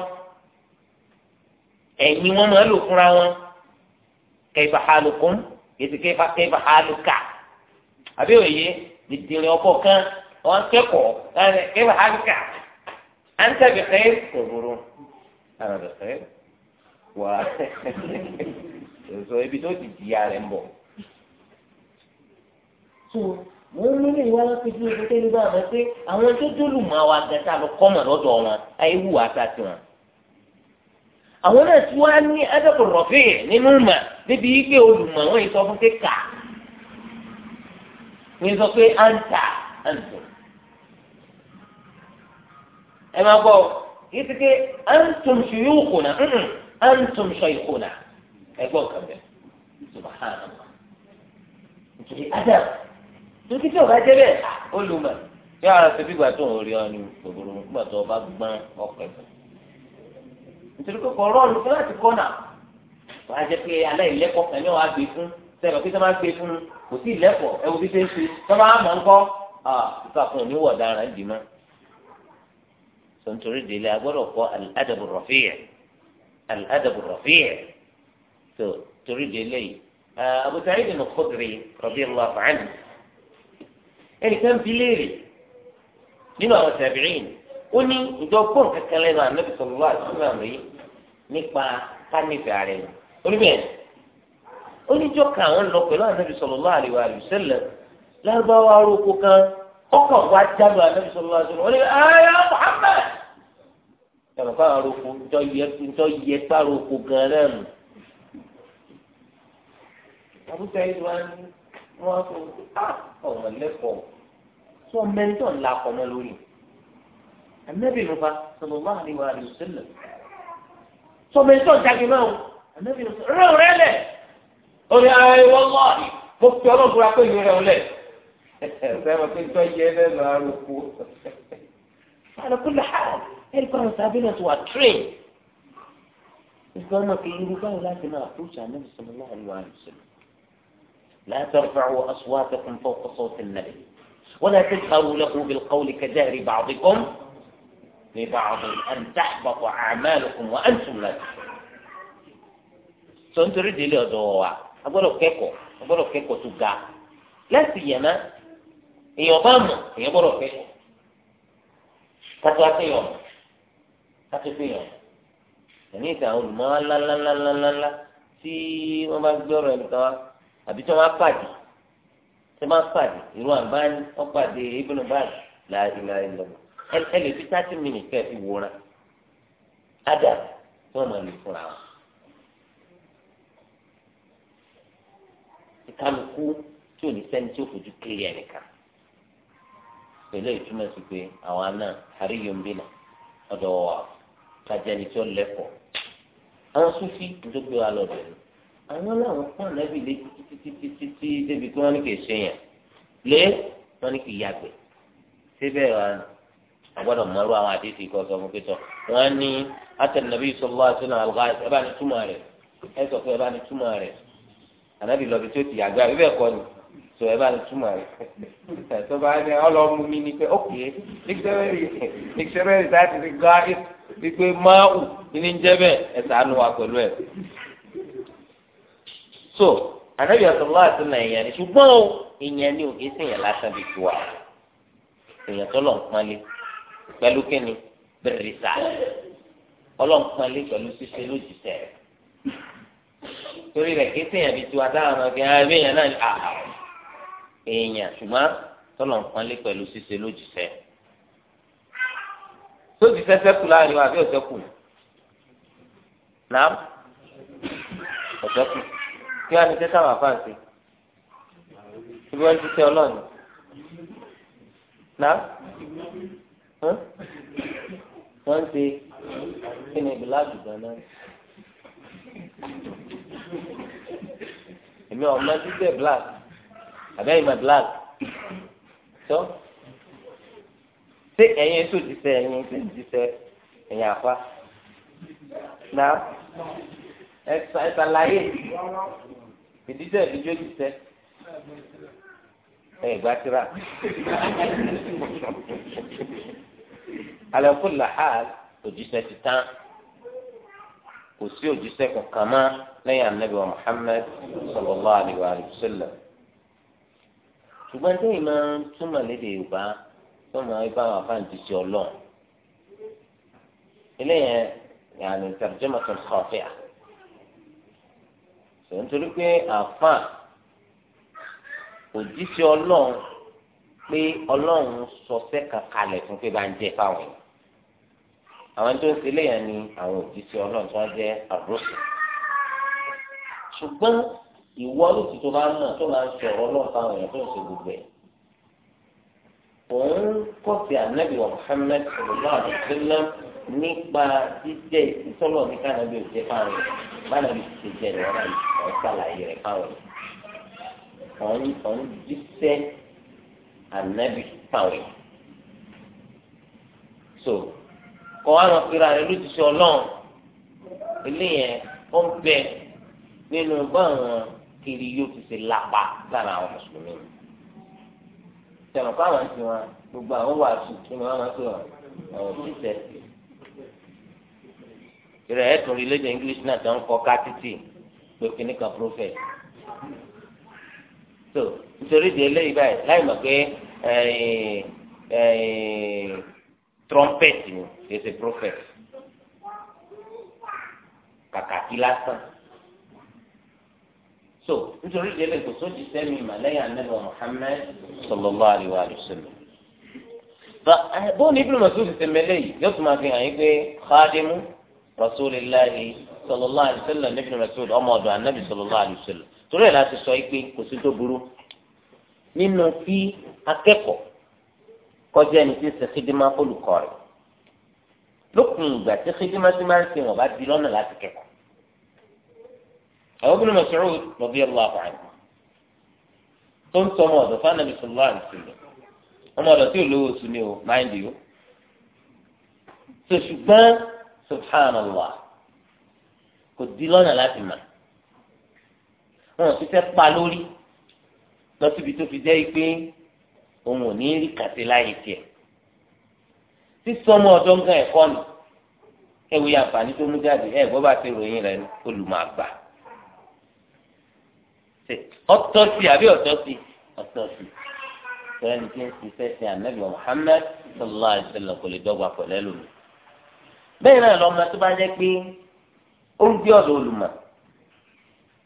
ẹ̀yin wọn máa lò fúnra wọn kayfa halukum yìí ti kayfa kayfa haluka àbí òye dìdìrì ọbọ kan wọn kẹ́kọ̀ọ́ ẹnì kébà áńkà áńkà bìkẹ́ kòkòrò áńkà bìkẹ́ wà ẹsọ ibi tó ti di ara ń bọ̀. tó mo ń lórí ìwà lápẹjù ojú tẹ́lẹ̀ bá mi pé àwọn tó dólù mọ́ àwa gẹ̀ẹ́ta lọ kọ́mọ̀ lọ́dọ̀ wọn ayé wù wá sá tiwọn àwọn náà tí wàá ní adẹ́kùn rọ̀fẹ́ nínú mà níbi ike olùmọ̀ wọn yìí sọ fún kéka ní sọ pé àǹtà àǹtò ẹ máa gbọ́ yìí ti pé àǹtòm ṣuyúkùnà àǹtòm ṣọyìkùnà ẹ gbọ́ nǹkan bẹ́ẹ̀ subahánàmà nítorí adam nítorí tí o bá jẹ́ bẹ́ẹ̀ olùmọ̀ ah, yóò ara ṣe fígbà tó ń rí ọ ní gbogbo nígbà tó o bá gbọ́n ọ̀pẹ̀ fún nítorí pé kò rọrùn fún láti kọ́nà wàá jẹ́ pé aláìlẹ́kọ̀ọ́ kan ní wàá gbé fún sẹ́yìn pé sọ́mà gbé fún kò sí ìlẹ́pọ̀ ẹ̀wù bí ṣe ń ṣe sọ́mà àmọ́ ńkọ́ ìkàkùn òní wọ̀ dára ń dì mọ́. sọ̀ntorí délé agbọ́dọ̀ kọ́ al-adabu rafi' al-adabu rafi' tó torí délé yìí Abu Sa'id al-Khudri radiyallahu anhu ẹnìkan bí léèrè nínú àwọn tabi'in ó ní ìjọgbọ́n kankan lẹ́nu ànábì nípa kánífẹ̀ ààrẹ oníjọ́ kan àwọn lọ pẹ̀lú ànábì sallallahu alaihi wa sallam lárúbáwá aróko kan ọkọ̀ wá jábọ̀ ànábì sallallahu alaihi wa sallam wọ́n ní ayé Muhammad yàrá fáwọn aróko ńtọ́ yẹ ńtọ́ yẹ pàrọ̀ oko gan náà nù. àbúté yìí wá ní wọ́n fún ah, ọmọ lẹ́kọ̀ọ́ tí wọ́n mẹ́ńtọ̀ ńlá kọ́ mọ́ lórí ànábì nùfà sallallahu alaihi wa sallam sọmẹ́ńtọ̀ jáde náà ànábì nùfà rẹ̀ rẹ̀ lẹ̀. ó ní ayé wọ́lọ́ọ̀dì mo fi ọlọ́gbọ́n akó ìyẹn rẹ̀ ọ̀lẹ̀ sẹ́wọ̀n n tó yẹ ẹ lọ arúgbó alùpùpù ẹ̀rí pàrọ̀ sábẹ́ náà tó wà tírè ìgbọ́n náà kì í rú báwo láti máa àpòròṣà náà sallallahu alaihi wasallam la tarfa'u aswatakum fawqa sawti an-nabi ولا تجهروا له بالقول كجهر بعضكم لبعض أن تحبط أعمالكم وأنتم لا تشعرون. سنتريد إلى دواء agbọ́dọ̀ kẹ́kọ̀ọ́ agbọ́dọ̀ kẹ́kọ̀ọ́ tó ga lẹ́sìn yẹn náà èèyàn bá mọ̀ èèyàn gbọ́dọ̀ kẹ́kọ̀ọ́ kátó akéèyàn mọ̀ kátó akéèyàn mọ̀ ẹ̀ní ìtàn olùmọ̀ ńláńláńláńláńlá tí wọ́n bá gbé ọ̀rọ̀ ẹnìkan wá àbí tí wọ́n bá pàdé tí wọ́n bá pàdé ìlú àbáni wọ́n pàdé ibùdó báyìí là ìlà ìlọ̀mọ̀ ẹ lè fi thirty minutes kẹ́ fi wòran ádà tí wọ́n mọ̀ lè fúnra wọn. kálukú tí ò ní sẹ́ni tí ó fojú kiri ẹnìkan pẹ̀lú ìtumọ̀ sí pé àwọn náà àríyànbínà ọ̀dọ̀ wà kájẹni tí ó lẹ́kọ̀ọ́ àwọn sufi tó gbé wa lọ́dọ̀ ẹ̀ àwọn làwọn fún ànábì lé títí débi pé wọ́n ní kì í ṣe yàn lé wọ́n ní kì í yàgbẹ́ síbẹ̀ wà àgbọ̀dọ̀ mọ́rú àwọn àdéhùn ikọ̀ sọ fún pétọ́ wọ́n ní àtẹnudàbí sọlá àti ẹ̀ ànábì lọ bí tó ti yàgbé àbí bẹ́ẹ̀ kọ́ ni tó ẹ bá ní túmọ̀ rẹ̀ tó bá ní ọlọ́mú mi ni pé ókè dictionary láti fi gá wípé máàwù ní jẹ́ bẹ́ẹ̀ ẹ ṣàánú wa pẹ̀lú ẹ̀. so ànábì ọ̀sánlá àti nà èèyàn ni ṣùgbọ́n o èèyàn ni òkè sí èèyàn lásán bí tiwa èèyàn tó lọ ń pọ́nlé pẹ̀lú kíni bẹ̀rẹ̀ sáà ọlọ́ǹpọ̀nlé pẹ̀lú ṣíṣe lójijì rẹ̀ torí rẹ̀ kí sèyàn fi tiwa táwọn ọmọ kí ẹ bẹyàn náà àhà ah, ah. èèyàn ṣùgbọ́n tọlọ nǹkan lé pẹ̀lú ṣíṣe lójúṣe sóòtì sẹsẹ kù láàrin wa àbí ọsẹ kù nàám ọsẹ kù kí wàá ní sẹ táwọn àfáàsì ibi wọn ti sẹ Ọlọ́run nàám wọn ti kí ni ìbílá àdùgbò náà. èmi ọmọ jíjẹ black àbẹ́yìn mọ black tó ṣé ẹ̀yin ètò jíṣẹ́ ẹ̀yin ètò jíṣẹ́ ẹ̀yin àfa náà ẹ ṣàlàyé ìdíjẹ́ ìdíjọ́ jíṣẹ́ ẹ gba tira alẹ́ kó làhálà òjíṣẹ́ ti tán kò sí òjíṣẹ́ kankan mọ́ lẹ́yìn anabi wa muhammed sallallahu alayhi wa sallam ṣùgbọ́n tẹ́yìn máa ń túmọ̀ lédè yorùbá tó máa ń bá wọn fáwọn jíṣẹ́ ọlọ́run eléyẹn yàrá ìtàrjẹ́mọ̀ tó ń kọ́ fẹ́à sọ̀rọ̀ nítorí pé àfa òjíṣẹ́ ọlọ́run pé ọlọ́run sọ sẹ́ka kalẹ̀ fún pé bá ń jẹ fáwọn yìí àwọn tó ń sílẹ̀ yẹn ni àwọn òjíṣẹ́ ọlọ́run tó wọ́n jẹ́ àbúrò ṣùgbọ́n ìwọ ló ti tó bá ń mọ̀ tó máa ń sọ̀rọ̀ ọlọ́run fáwọn èèyàn tó ń ṣe gbogbo ẹ̀ òun kọ́ sí ànábì wa Muhammad sallallahu alaihi wasallam nípa jíjẹ́ ìsọ́lọ̀ ní kánábì òjẹ́ fáwọn èèyàn bánábì ti ṣe jẹ́ ìwọ́n náà ọ̀hún ṣàlàyé rẹ̀ fáwọn èèyàn ọ̀hún jíṣẹ́ ànábì fáwọn èèyàn kọ́ wá lọ fira rẹ lójúṣe ọlọ́run eléyẹn ó ń bẹ nínú báwọn kiri yóò ti ṣe lápá lára àwọn mùsùlùmí tẹnukọ àwọn ti wọn gbogbo àwọn wà sùn kí ni wọn máa pè wọn àwọn òbí tẹ ìrẹ ẹtùn rí lédè english náà tó ń kọ ká títì pé kíní kan prophet so nítorí di eléyìí báyìí láì mọ̀ pé trumpet ni kìí ṣe prophet kàkàkí lásán so nítorí ìdílé kò sóòjì sẹ́mi ìmàlẹ́yà nẹ́bà Muhammad sallallahu alaihi wa sallam eh, bóun ní Ibn Mas'ud ti tẹ̀mẹ́lẹ́ yìí yóò tún máa fi hàn yín pé khadimu rasulillahi sallallahu alaihi wa sallam Ibn Mas'ud ọmọ ọ̀dọ̀ anabi sallallahu alaihi wa sallam torí ẹ̀ láti sọ pé kò sí tó burú nínú kí akẹ́kọ̀ọ́ kọjá ẹni tí ń ṣe kídímà olùkọ́ rẹ̀ lókun ìgbà tí xidimasi máa ń sìn wọn bá di lọ́nà láti kẹ́kọ̀ọ́ àwọn obìnrin Mas'ud radiyallahu anhu tó ń sọ ọmọ ọ̀dọ̀ fanabi sallallahu alaihi wasallam ọmọ ọ̀dọ̀ tí ò lówó oṣù ni o mind you ṣùgbọ́n subhanallah kò di lọ́nà láti mà wọn ò ti fẹ́ pa lórí lọ síbi tó fi jẹ́ pé òun ò ní rí kàtí láyé tiẹ̀ sísọmọ ọ̀dọ́ nǹkan ẹ̀kọ́ nù ẹwì àǹfààní tó mú jáde ẹ gbọ́ bá ti ròyìn rẹ̀ olùmọ̀àgbà ọtọ́ sí àbí ọtọ́ sí ọtọ́ sí sẹ́ni tí ń ṣiṣẹ́ sí anabi Muhammad sallallahu alaihi wa sallam kò lè dọ́gba pẹ̀lú ẹlòmí. bẹ́ẹ̀ náà lọ́mọ tó bá jẹ́ pé ó ń bí ọ̀dọ̀ olùmọ̀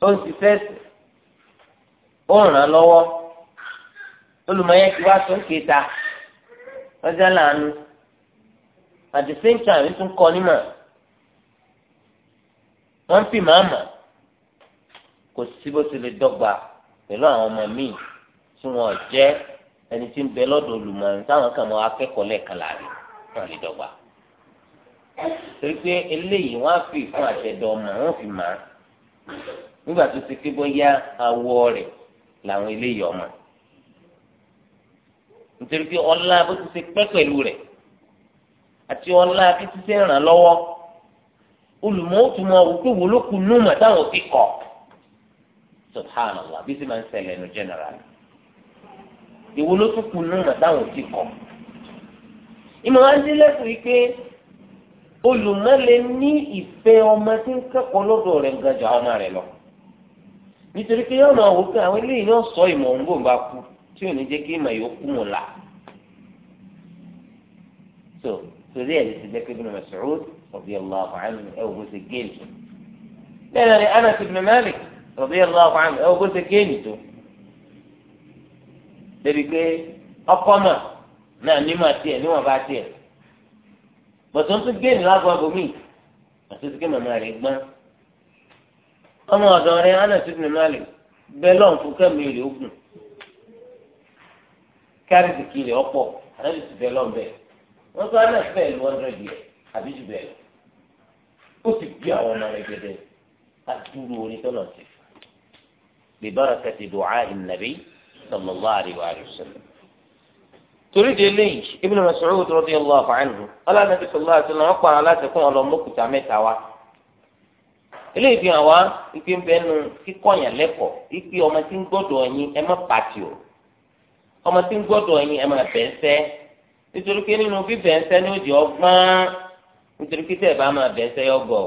ó ń ṣiṣẹ́ sí ó ń ràn lọ́wọ́ olùmọ̀ yẹn ti wá sókè ta lọ́jà láàánú at the same time ń tún kọ́ nímọ̀ wọ́n ń fi màmá kò sí bó ti lè dọ́gba pẹ̀lú àwọn ọmọ míì tí wọ́n jẹ́ ẹni tí ń bẹ lọ́dọ̀ olùmọ̀ràn táwọn kan mọ akẹ́kọ̀ọ́ lẹ́ẹ̀kan láàrin wọ́n lè dọ́gba torí pé eléyìí wọ́n á fi fún àtẹ̀dọ̀ ọmọ wọn fi mà á nígbà tó ti pé bóyá awọ rẹ̀ làwọn eléyìí ọmọ nítorí pé ọlá bó ti ṣe pẹ́ pẹ̀lú rẹ̀ àti ọlá akitise ràn lọ́wọ́ olùmọ̀ọ́tùmọ̀ òkú wo ló kú nù mà táwọn ti kọ̀ subhanallah bí sì máa ń ṣẹlẹ̀ nù general ìwo ló tún kú nù mà táwọn ti kọ̀ ìmọ̀ wá sí lẹ́sùn yìí pé olùmọ̀lẹ̀ ní ìfẹ́ ọmọ tí ń kẹ́kọ̀ọ́ lọ́dọ̀ rẹ̀ gàjà ọmọ rẹ̀ lọ nítorí pé yọ̀nà òkú àwọn eléyìí náà sọ ìmọ̀ òun bá kú tí ò ní jẹ́ kí ìmọ̀ yòókù mọ̀ la. torí ẹ̀ lè ti jẹ́ pé Ibn Mas'ud radiyallahu anhu ẹ̀ wò bó ṣe géèmì tó bẹ́ẹ̀ Anas ibn Malik radiyallahu anhu ẹ̀ na bó ṣe géèmì débi pé ọkọ náà náà nímọ̀ tiẹ̀ níwọ̀n bá tún bomi àti ọmọ Anas wọ́n tó alẹ́ fẹ́ lu hundred years àbí jù bẹ́ẹ̀ lọ ó ti bí àwọn ọmọ rẹ̀ gẹ́gẹ́ adúrú orin ti fà bíbára kẹtì dùcá ìnàbí sọlọ́lá àríwá àríwá torí de léyìí Ibn Mas'ud ala anhu aláàbẹ̀tẹ̀ sọlọ́ àti ọ̀nà pa aláṣẹ fún ọlọ́mọkùtà mẹ́ta wa eléyìí fi hàn wá ipe ń bẹ nu kíkọ́yàn lẹ́kọ̀ọ́ ipe ọmọ tí ń gbọ́dọ̀ nítorí pé nínú fífẹ́ ẹsẹ̀ ní òjì ọgbọ́n nítorí pé tẹ̀bá máa bẹ̀ ẹsẹ̀ ọgọ̀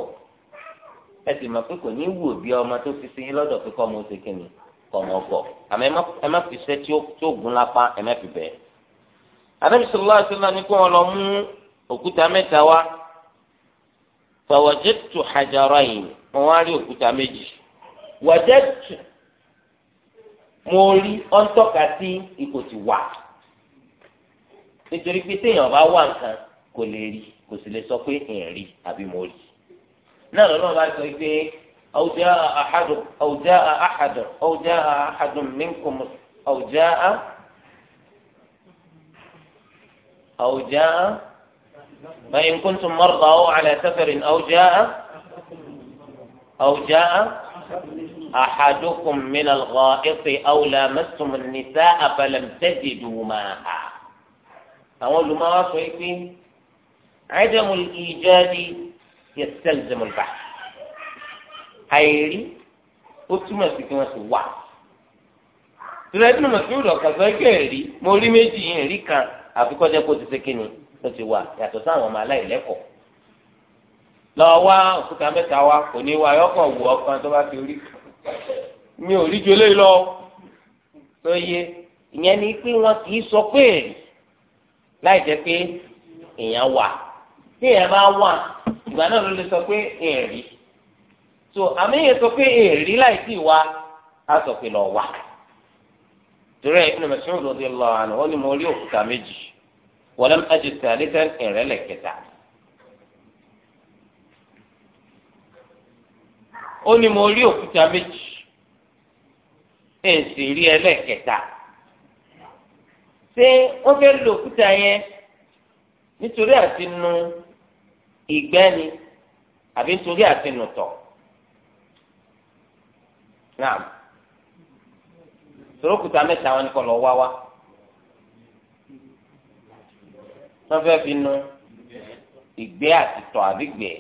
ẹ sì mọ̀ pé kò ní wù bí ọmọ tó fi sí lọ́dọ̀ pé kọ́ ọmọ oṣù kìnnì kọ́ ọmọ ọgọ̀ àmọ́ ẹ má fi iṣẹ́ tí ó gún lápá ẹ má fi bẹ̀ àdébí sọlá ṣẹlá ni kí wọn lọ mú òkúta mẹ́ta wá fawajadtu hajarayn mo wá rí òkúta méjì wajadtu mo rí ọ́ntọ́ka sí wà. nítorí pé téèyàn bá wà nǹkan kò lè rí kò sì lè sọ pé ẹ̀ rí àbí mo rí náà lọ́nà bá sọ pé أو جاء أحد أو جاء أحد أو جاء أحد منكم أو جاء أو جاء فإن كنتم مرضى أو على سفر أو جاء أو جاء أحدكم من الغائط أو لامستم النساء فلم تجدوا ماءً àwọn olùmọ̀wá sọ yìí pé àìdẹ́mu ìjáde yẹtẹ́lẹ́dẹ́mu bá àìrí ó túmọ̀ sí kí wọ́n ti wà. tìrẹ́dì náà fi rọ̀ kàtọ́ ẹgbẹ́ rí mo rí méjì yìí rí kan àfikọ́jẹ́ kó ti ṣe kí ni tó ti wà yàtọ̀ sáwọn ọmọ aláìlẹ́kọ̀ọ́ lọ wá òkúta mẹ́ta wá kò ní wá yọkọ wù ọkàn tó bá fi rí mi ò rí jolé lọ tó yẹ ìyẹn ni pé wọn kì í sọ pé láì jẹ́ pé èèyàn wà tí èèyàn bá wà ìgbà náà ló lè sọ pé so àmì yẹn sọ pé èèrí láì sí wa á sọ pé lọ wà torí ẹ Ibn Mas'ud radiyallahu anhu wọn ni mo rí òkúta méjì wa kẹta. ó ṣé ó fẹ́ lo òkúta yẹn nítorí àti nu igbe ni àbí nítorí àti nu tọ naam sọ̀rọ̀ òkúta mẹ́ta wọn lọ wá fi nu igbe àti tọ àbí gbẹ́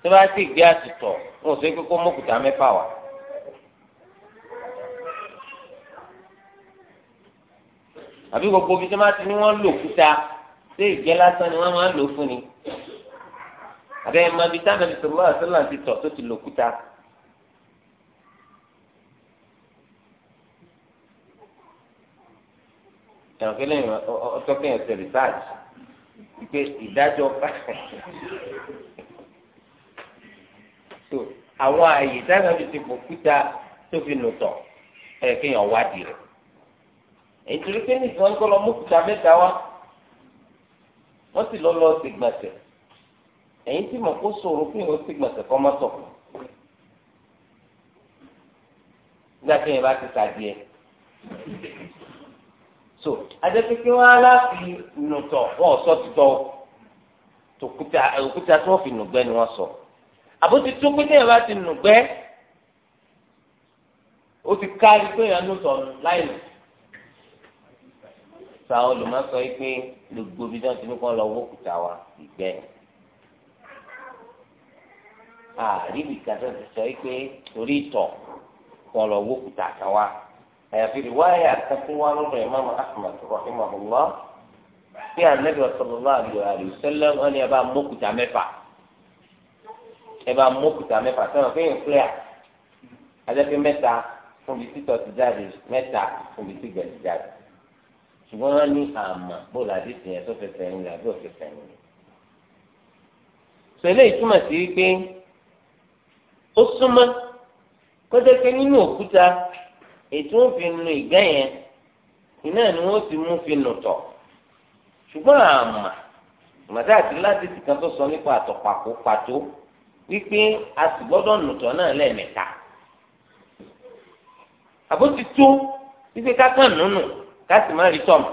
tó bá ti ìgbẹ́ àti tọ̀ wọn ò sọ pé kó àbí gbogbo ibi tí wọ́n ti ní wọ́n lò kúta ṣé ìgbẹ́ lásán ni wọ́n máa ń lò fún ni àbẹ́ ẹ̀ máa bí táwọn ẹni sọ̀rọ̀ àṣẹlá ti tọ̀ tó ti lò kúta. ìtànkẹ́lẹ́ ọtọ́kẹ́ yẹn ṣe rìsáàjì pé ìdájọ́ bá àwọn àyè táwọn ẹni ti bò kúta tó fi lò tọ̀ ẹ̀ kéèyàn wádìí rẹ̀ ètùrí pé ní ìsìnkú lọ mú kùtà mẹ́ta wá wọ́n sì lọ lọ sìgbàtẹ̀ ẹ̀yìn tí mọ̀ kó ṣòro fún ìwọ sìgbàtẹ̀ kọ́ má tọ̀ nígbà tí yẹn bá ti sàdíẹ̀ so adékèké wọn aláfi nùtọ̀ wọn ò sọ títọ́ tòkúta òkúta tí wọ́n fi nùgbẹ́ ni wọ́n sọ àbótí tó pété yẹn bá ti nùgbẹ́ ó ti kárí pé yẹn nùtọ̀ láì nù sàwọn olùmọ̀sọ yìí pé gbogbo ibi tí wọ́n ti ní kọ́ lọ wó kùtà wa ìgbẹ́ àríwì kàtà ti sọ yìí pé torí ìtọ̀ kọ́ lọ wó kùtà kan wa àyàfi ìwáyà kan tí wọ́n lọ́dọ̀ ìmáàmù ahmed rahimahullah pé anabi sallallahu alaihi wasallam wọ́n ní ẹ bá mú kùtà mẹ́fà ẹ bá mú kùtà mẹ́fà sọ̀rọ̀ pé ìfúlẹ̀ àjẹpẹ́ mẹ́ta fún bí títọ̀ ti jáde mẹ́ta fún bí tìgbẹ̀ ṣùgbọ́n wọ́n ní àmà bó làdí sí yẹn tó fẹsẹ̀ ń lè àbí òfẹsẹ̀ ń lè. sọ̀lẹ́ ìtumọ̀ sí wípé ó súnmọ́ kọ́jọ́pẹ́ nínú òkúta ètò òfin nu ìgbẹ́ yẹn iná ni wọ́n ti mú fi nù tọ̀ ṣùgbọ́n àmà màtí àti láti ti kan tó sọ nípa àtọ̀pàkó pàtó wípé a sì gbọ́dọ̀ nù tọ̀ náà lẹ́ẹ̀mẹ́ta àbó ti tó wípé ká kàn nùnù. kásì má rí tọ̀mù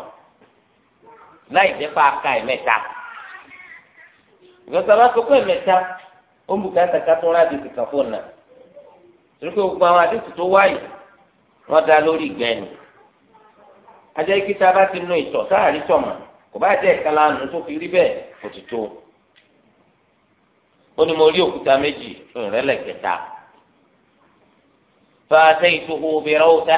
láì jẹ́ pa aka ẹ̀mẹ́ta ìgbésẹ̀ bá sọ́kọ́ ẹ̀mẹ́ta ó ń bu káàtà kátó ńlá di kìkan fún ọ̀nà torí pé gbogbo àwọn àdéhùn tó wáyé wọ́n dá lórí ìgbẹ́ni ajẹ́ a bá ti nu ìtọ̀ sáàrí tọ̀mọ̀ kò bá jẹ́ ìkan tó fi rí bẹ́ẹ̀ kò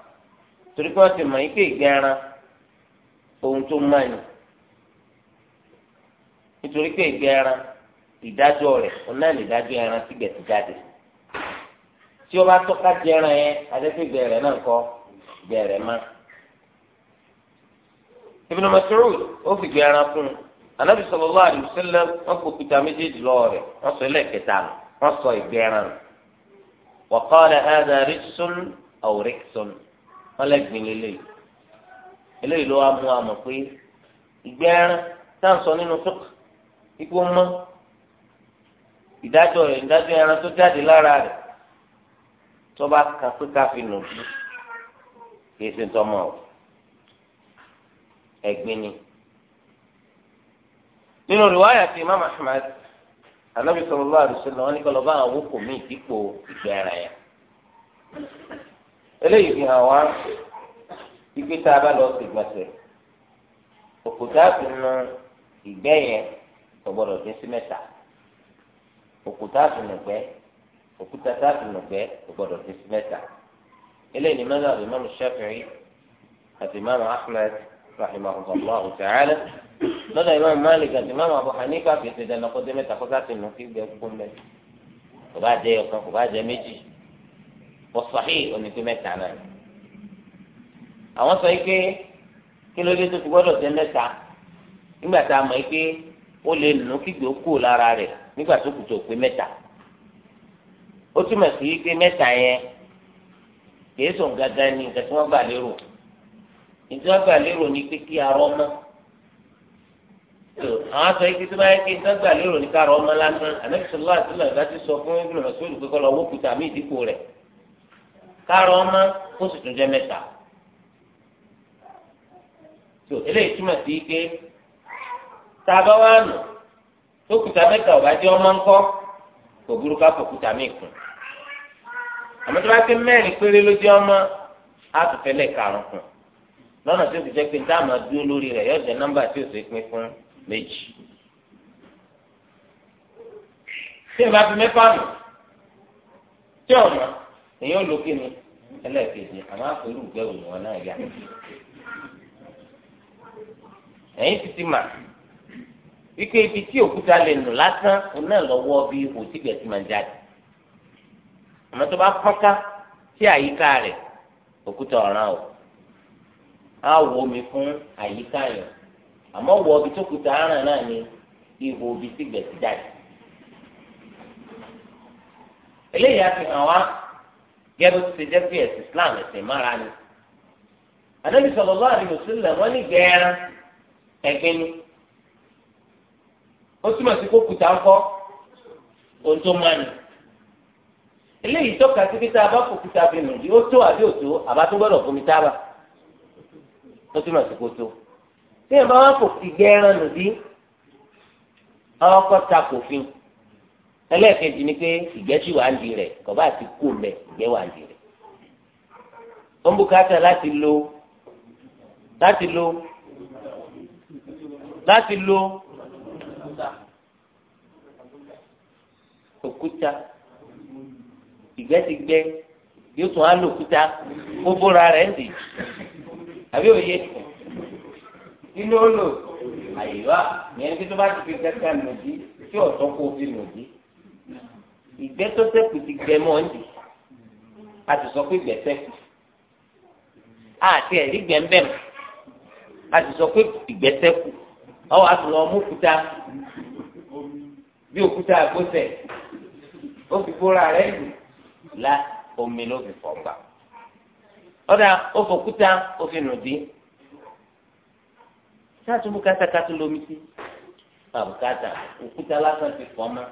torí pé wọ́n ti mọ̀ yín pé ìgbẹ́ran ohun tó mọ̀ yín nítorí pé ìgbẹ́ran ìdájọ́ rẹ̀ òun náà lè dájọ́ ẹran sígbẹ̀ ti jáde tí ó bá tọ́ka di ẹran yẹn adẹ́sẹ̀gbẹ̀ rẹ̀ náà kọ́ gbẹ̀ rẹ̀ má. Ibn Mas'ud ó fi gbẹ̀ ẹran fún un Ànábì sallallahu alaihi wasallam wọn kò kuta méjèèjì lọ́wọ́ rẹ̀ wọ́n sọ ilé kẹta nù wọ́n sọ ìgbẹ́ ẹran nù wa qala hadha rijsun aw riksun wọn lẹ́gbìn lélẹ́yìí eléyìí ló wá mú wa mọ̀ pé ìgbẹ́ ẹran tá à ń sọ nínú fúk ikú mọ́ ìdájọ́ rẹ̀ ìdájọ́ ẹran tó jáde lára rẹ̀ tó bá kan pé ká fi nù bí kì í ṣe tọmọ o ẹ̀gbin ni nínú rìwáyà ti Imam Ahmad Ànábì sallallahu alaihi wọn ní kọlọ bá àwọn wọkọ míì dípò ìgbẹ́ ẹran yẹn eléyìí fi hàn wá ibi tá a bá lọ sí gbọ̀nsẹ̀ òkúta fi nu ìgbẹ́ yẹn kò gbọdọ̀ dín sí mẹ́ta òkúta fi nu gbẹ́ òkúta tá a fi nu gbẹ́ kò gbọdọ̀ dín sí mẹ́ta eléyìí ni mẹ́ta àti mọ́mú Shafi'i àti mọ́mú Ahmed rahimahullah ta'ala lọ́dọ̀ ìmọ̀ Malik àti mọ́mú Abu Hanifa fi ṣe dandan kó dín mẹ́ta kó sáà ti nu kí gbẹ́ kó mẹ́ kò bá jẹ́ ọ̀kan kò bá jẹ́ méjì wọ́sàhí onígbé mẹ́ta náà àwọn sọ pé kí ló dé tó fi gbọ́dọ̀ jẹ́ mẹ́ta nígbà tá a mọ̀ pé ó lè nù kígbe ó kúrò lára rẹ̀ nígbà tó kù tó pé mẹ́ta ó túmọ̀ sí pé mẹ́ta yẹn kìí sùn gàgà ni nǹkan tí wọ́n gbà lérò nǹkan tí wọ́n gbà lérò ni pé kí arọ́ mọ́ àwọn sọ ike tó bá yẹ kí nǹkan gbà lérò ní ká arọ́ mọ́ lásán ànábìsọ̀lá kárọ ọmọ kó sì tún jẹ mẹ́ta tó eléyìí túmọ̀ sí pé tá a bá wà nù tó kùtà mẹ́ta ọ̀bá jẹ́ ọmọ ńkọ́ kò burú ká fò kùtà mí kù àmọ́ tó bá pé mẹ́rin péré ló jẹ́ ọmọ á tún fẹ́ lẹ̀ karùn-ún kù lọ́nà tó fi jẹ́ pé tá a máa dúró lórí rẹ̀ yóò jẹ́ nọ́mbà tí ò sí pín fún méjì tí ìbá fi mẹ́fà nù tí ọ̀nà èyí ò lókè ni ẹlẹ́ẹ̀kejì àmọ́ àpérò ìgbẹ́wò ni wọn náà yá ẹ̀yìn ti mà ibi tí òkúta lè nù lásán òun náà lọ́wọ́ bí òtígbẹ̀ ti máa jáde àmọ́ tó bá pọ́nká sí àyíká rẹ̀ òkúta ọ̀ràn o wo omi fún àyíká yẹn àmọ́ wọ ibi tó kúta aràn náà ni ihò ibi jáde eléyìí á gẹ́gẹ́ bó ti jẹ́ pé ẹ̀sìn islam ẹ̀sìn mára ni. ànábì sallallahu alaihi wasallam wọ́n ní gẹ́ẹ́rán ẹ̀gbin ni. ó túmọ̀ sí kókùtà ńkọ́ ohun tó máa ní. eléyìí tọ́ka sí kíta bá kókùtà fi nù yóò tó àbí òtó àbá tó gbọ́dọ̀ fún mi tábà. ó túmọ̀ sí kótó. bí ẹ̀ bá wá kò fi gẹ́ẹ́rán nù bí àwọn ọkọ̀ ta kò fi ẹlẹ́ẹ̀kejì ni pé ìgbẹ́jì wà ń di rẹ̀ kọ̀bá àti kú mẹ́ ìgbẹ́ wà ń di rẹ̀ ó ń bùkátà láti lo láti lo láti lo òkúta ìgbẹ́ ti gbẹ́ yóò tún á lò òkúta kó bóra rẹ̀ ń dì àbí òye inú ó lò àyè wa ìyẹn kí tó bá ti fi kẹ́kẹ́ nù jí tí ọ̀tọ́ kó fi nù jí ìgbẹ́ tó sẹ́kù ti gbẹ mọ́ ń dì a ti sọ pé ìgbẹ́ sẹ́kù àti ẹ̀rí gbẹ ń bẹ̀ mọ́ a ti sọ pé ìgbẹ́ sẹ́kù ọwọ́ a ti lọ mú òkúta bí òkúta àgbọ̀sẹ̀ ó fi kóra rẹ̀ lù la omi ló fi fọ̀ gbà ọ̀dà ó fòkúta ó fi nù dín sáà tún bùkátà ká tún lómi sí àbùkátà òkúta lásán ti fọ́ mọ́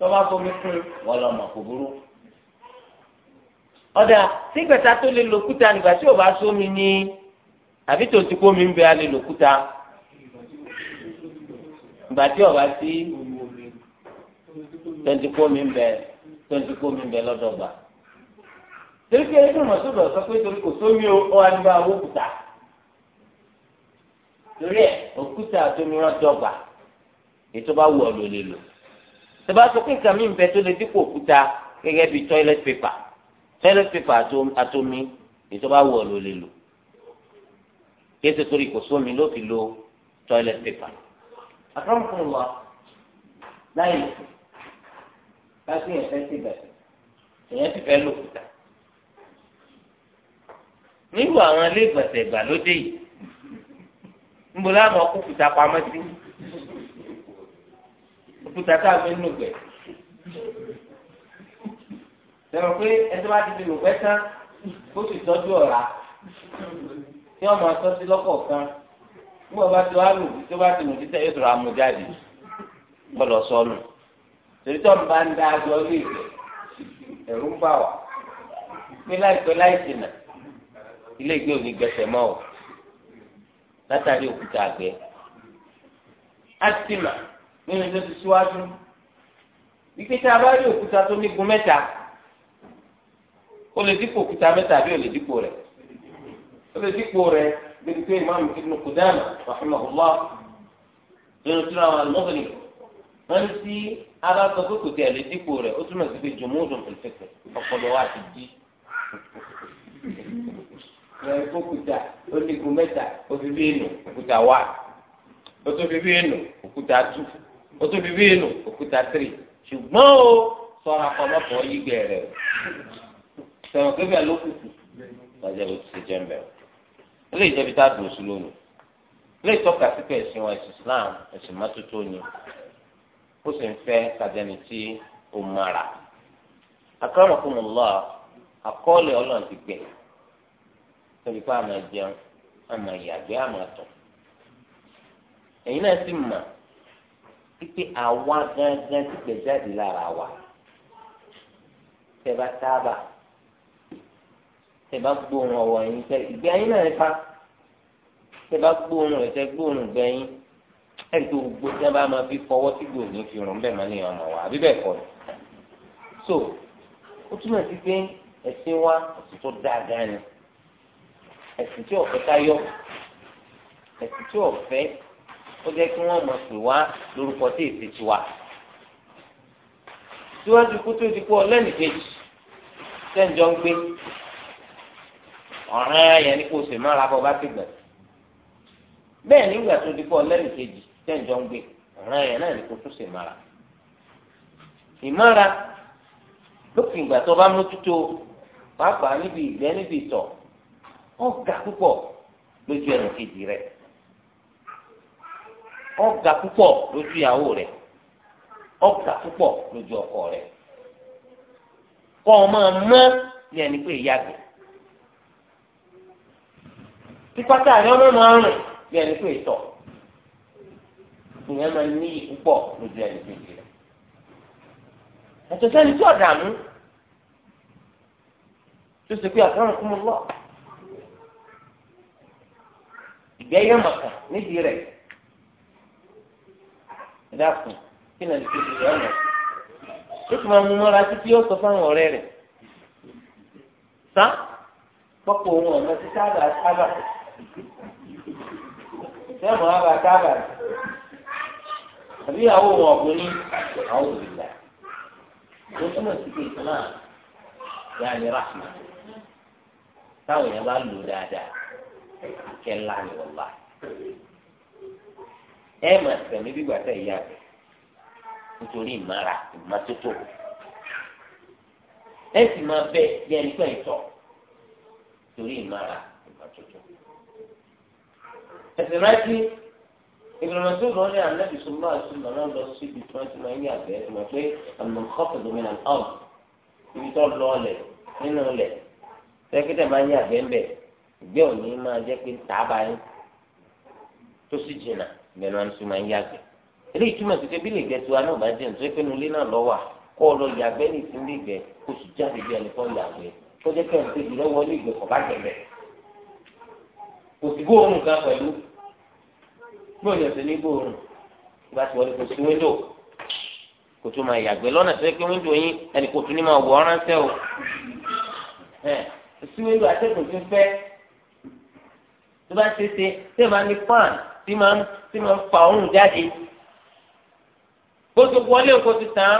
tọ́ba fomi kún wọ́n lọ mọ̀ kò burú. ọ̀dà sígbẹ̀ta tó lè lo kúta nígbà tí ò bá sómi ní àbí tó ti kó mi ń bẹ alẹ́ lo kúta nígbà tí ò bá sí tó ti kó mi ń bẹ tó ti kó mi ń bẹ lọ́dọ̀gbà. torí pé ẹgbẹ́ mọ̀sọ́dọ̀ sọ pé torí kò sómi ó wá nígbà owó kúta torí ẹ̀ òkúta tó mi rán dọ́gba ètò bá wù ọ́ lò lè lò tẹ́bá sọ pé nǹkan mi ń bẹ tó lè dípò òkúta gẹ́gẹ́ bíi toilet paper toilet paper àtomi ìjọba wọ̀ ló lè lò kí ẹsẹ̀ torí kò sómi ló fi lo toilet paper. àtàwọn fún wa láyé láti ẹ̀fẹ́ ti bẹ̀rẹ̀ èèyàn ti fẹ́ lòkúta nílùú àwọn ilé ìgbọ̀nsẹ̀ ìgbàlódé yìí ń bọ̀ láwọn ọkùnkùn ta pamọ́ sí i òkúta tá a fi ń lò gbẹ. sọ̀rọ̀ pé ẹtọ́ bá ti fi lò pẹ́ tán kó sì tọ́jú ọ̀rá tí wọ́n máa sọ sí lọ́kọ̀ọ̀kan nígbà bá ti wá lò tó bá ti lò títẹ̀ yóò tọrọ amú jáde gbọ́dọ̀ sọnù torí tó ń bá ń da aṣọ ilé ìfẹ́ ẹ̀rú ń bà wá pé láìpẹ́ láìsìnà ilé ìgbé òní gbẹ̀sẹ̀ mọ́ ọ látàrí òkúta àgbẹ̀ á sì mà nínú tó ti síwájú wípé tá a bá rí òkúta tó nígun mẹ́ta ó lè dípò òkúta mẹ́ta àbí ó lè dípò rẹ̀ ó lè dípò rẹ̀ bíi pé ìmáàmù Ibn Qudama rahimahullah nínú tí wọn àwọn mọ́tò nìkan wọ́n ní kò tẹ̀ dípò rẹ̀ ó túmọ̀ sí pé jòmóòdùn ìfẹsẹ̀ ọpọlọ wa ti di ẹ kókúta ó nígun mẹ́ta ó fi bí ènù òkúta wà ó tó fi bí ènù òkúta tù o tún fi bí inú òkúta tiri ṣùgbọ́n o sọ̀rọ̀ àkọlọ́pọ̀ yígbẹ́ rẹ̀ o sọ̀rọ̀ kébẹ̀ ló kù kù lọ́jọ́ bó ti ṣe jẹ́ mbẹ́ o ilé ìjẹ́bi tá a dùn sí lónìí ilé ìtọ́ka sípẹ̀ ẹ̀sìn wa ẹ̀sìn Islam ẹ̀sìn mọ́tótó ni ó sì ń fẹ́ kàdẹ́ni tí ó mara akọ́nàkùnmọ́lá àkọọ́lẹ̀ ọlọ́run ti gbẹ̀ tóbi pé àmọ̀ jẹun àmọ̀ ìyàgbẹ́ àmọ̀ àtọ̀ pípé àwa gángan ti gbẹ̀ jáde lára wa tẹ́ bá sábà tẹ́ bá gbóòórùn ọwọ́ yín tẹ́ ìgbé ayé náà nípa tẹ́ bá gbóòórùn ẹ̀ tẹ́ gbóòórùn gbẹ̀yìn ẹni tó gbogbo tí wọ́n bá máa fi fọwọ́ tí gbòòní fi rùn bẹ́ẹ̀ máa ní ọmọ wa àbí bẹ́ẹ̀ kọ́ ni so ó túmọ̀ sí pé ẹ̀sìn wa ọ̀sìn tó dáa gan ni ẹ̀sìn tí ọ̀fẹ́ ká yọ ẹ̀sìn tí ọ̀fẹ́ ó jẹ́ kí wọ́n mọ̀ pé wá lórúkọ tí èsì ti wà. síwájú kú tó ti kú ọlẹ́nì kejì sẹ́ńjọ́ ń gbé ọ̀ràn ayẹ̀ ní kò sì mára bọ́ bá ti gbẹ̀. bẹ́ẹ̀ nígbà tó ti kú ọlẹ́nì kejì sẹ́ńjọ́ ń gbé ọ̀ràn ayẹ̀ náà ní kò tó sì mára. ìmára lókè ìgbà tó bá mójútó pàápàá níbi ìgbẹ́ níbi ìtọ̀ ọ̀gá púpọ̀ lójú ẹnì kejì rẹ̀ ọ̀gá púpọ̀ lójú ìyàwó rẹ̀ ọ̀gá púpọ̀ lójú ọkọ rẹ̀ kọ́ ọ máa mọ́ ní ẹni pé ìyá gbẹ̀. pípátá rẹ̀ ọmọ máa rìn ní ẹni pé ìtọ̀ ìyẹn máa ní púpọ̀ lójú ẹni pé ìjìnlẹ̀. ẹ̀tọ́ sẹ́ni tí ọ̀dà mú tó ṣe pé àtọ́rùn fún mi lọ. ìgbẹ́ yẹn mọ̀kàn níbi rẹ̀ dákun kí nàá lè fi ìdílé ọ̀nà ó sì máa mú mọ́ra títí ó sọ fáwọn ọ̀rẹ́ rẹ̀ sá pọ́pọ̀ ohun ọ̀nà tí sábà sábà sẹ́mu àbá sábà àbí àwọn ohun ọ̀gbìn ní àwọn òbílà ó túmọ̀ sí pé ìsìnlá yàrá rahma táwọn èèyàn bá lò dáadáa kẹ́ńlá ni wọ́n bá ẹ máa tẹ̀mí gbígbà tẹ̀ ìyá rẹ̀ nítorí ìmára ìmọ́tótó ẹ sì máa bẹ bí ẹni pẹ́ ìtọ̀ torí ìmára ìmọ́tótó. ẹ̀sìn rántí ìgbìmọ̀ tó lọ ní anábì sọ́mọ́ àṣùmọ̀ náà lọ sí ibi tí wọ́n ti máa ń yà bẹ́ẹ̀ tó máa pé àmì kọ́pù domina ọ̀m ibi tó lọ ọlẹ̀ nínú ọlẹ̀ sẹ́kítẹ̀ máa ń yà bẹ́ẹ̀ bẹ́ẹ̀ ìgbẹ́ òní máa jẹ́ pé tààbà yín tó sì jìnnà ìgbẹ́ ló ń sún máa ń yàgbẹ́ eléyìí túmọ̀ sí pé bí lè gbẹ tiwa náà bá jẹun tó pé nulẹ̀ náà lọ wà kọ́ ọ lọ yàgbẹ́ ní ìsìn lè gbẹ oṣù jáde bí ẹni kọ́ yàgbẹ́ tó jẹ́ pé ẹ̀ǹtẹ́ jùlọ wọlé ìgbẹ́ kọ̀ bá tẹ̀lẹ̀ kò sí gbóòórùn kan pẹ̀lú gbóòórùn ọ̀sẹ̀ ní gbóòórùn ìgbà tí wọlé kò tún máa yàgbẹ́ lọ́nà tó yẹ pé wíńdò yín ẹnì kò tún ní máa wọ ọ́ránṣẹ́ o sí wíńdò atẹ́kùn ti fẹ́ tó bá ṣe ṣe tẹ́ẹ̀ bá ní pan tí máa ń tí máa ń fa òun jáde bó ti wọlé kó ti tán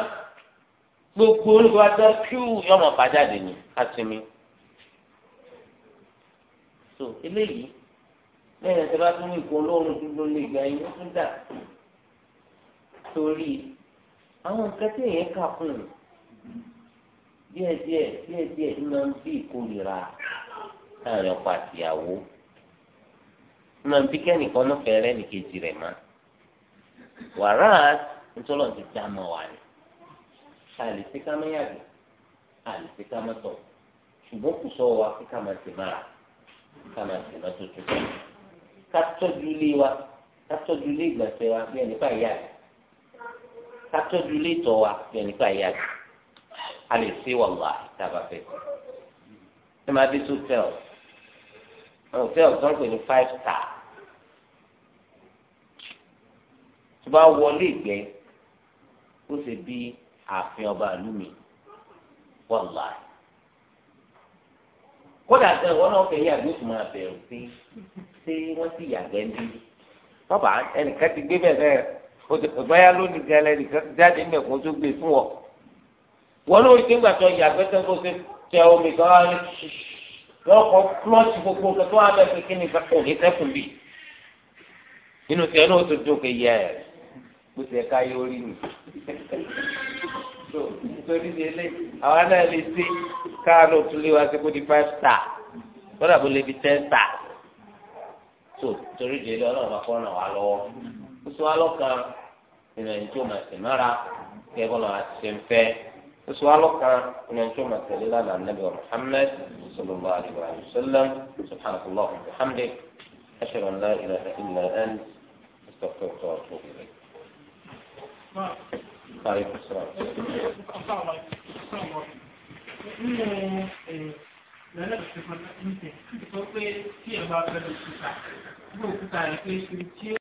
gbogbo olùwàdà kíw yọmọ bàjáde ni àtìmí so eléyìí lẹ́yìn tí a bá tún ní ìkó olóòórùn dúró lè gba ẹyin ó tún dà torí àwọn nǹkan tí èèyàn kà fún un díẹ̀díẹ̀ díẹ̀díẹ̀ ló máa ń bí ìkórìíra láàrin ọkọ àtìyàwó nínú àbí kẹ́nìkan náà fẹ́ rẹ́ nìkejì rẹ̀ má wàrà ntọ́lọ́ ti dá mọ́ wa ni àlèsí ká má yàgbé àlèsí ká má tọ̀ ṣùgbọ́n kò sọ wa kí ká má ti mára ká má ti má tó tuntun ká tọ́jú ilé wa ká tọ́jú ilé ìgbọ̀nsẹ̀ wa bí ẹnìkan yàgbé ká tọ́jú ilé ìtọ̀ wa bí ẹnìkan yàgbé àlèsí wàlúwà tábà fẹ́ ẹ máa dé tó tẹ̀ ọ́ hotel tó ń pè ní five star tó bá wọlé ìgbẹ́ ó ṣe bí ààfin ọba ìlú mi wàlá kódà gan ìwọ náà fẹ́ yàgbé tó máa bẹ̀rù pé ṣé wọ́n ti yàgbẹ́ ń bàbá ẹnìkan ti gbé bẹ́ẹ̀ bẹ́ẹ̀ o ti pẹ̀lú ayá lónìí gan ẹnìkan ti jáde ń bẹ̀ kó tó gbé fún ọ wọ́n ló rí kéńgbà tó yàgbẹ́ tó tó ṣe tẹ omi kan á rí lọ́kọ̀ klọ́ọ̀tì gbogbo nǹkan tó wà bẹ́ẹ̀ pé kí ni kò ní sẹ́kùn bì nínú tiẹ̀ náà ó tó dùn kéye ẹ̀ bó ti yóò rí mi. so nítorí ti ẹlẹ́ àwa náà lè ṣe káàánú tún lé wa sí kó di five star kódà bó lè di ten star. so torí ti ẹlẹ́ ọlọ́run bá kọ́ ràn wá lọ́wọ́ ó sọ wá lọ́kàn ìrìn tó máa sì mára kẹ́ bọ́lá àti ṣe ń fẹ́ ó sọ wá lọ́kàn ìrìn tó máa tẹ̀lé lánàá nàbí Muhammad sallallahu alaihi wa sallam subhanahu wa ta'ala alhamdulilayi ashhadu an la ilaha illa anta astaghfiruka Àìkú sọ̀rọ̀. Nínú lẹ́lẹ́bù tí wọ́n ti sọ pé tí ẹ̀ bá fẹ́ lè kúta, yóò kúta ẹ̀ pé kí ó.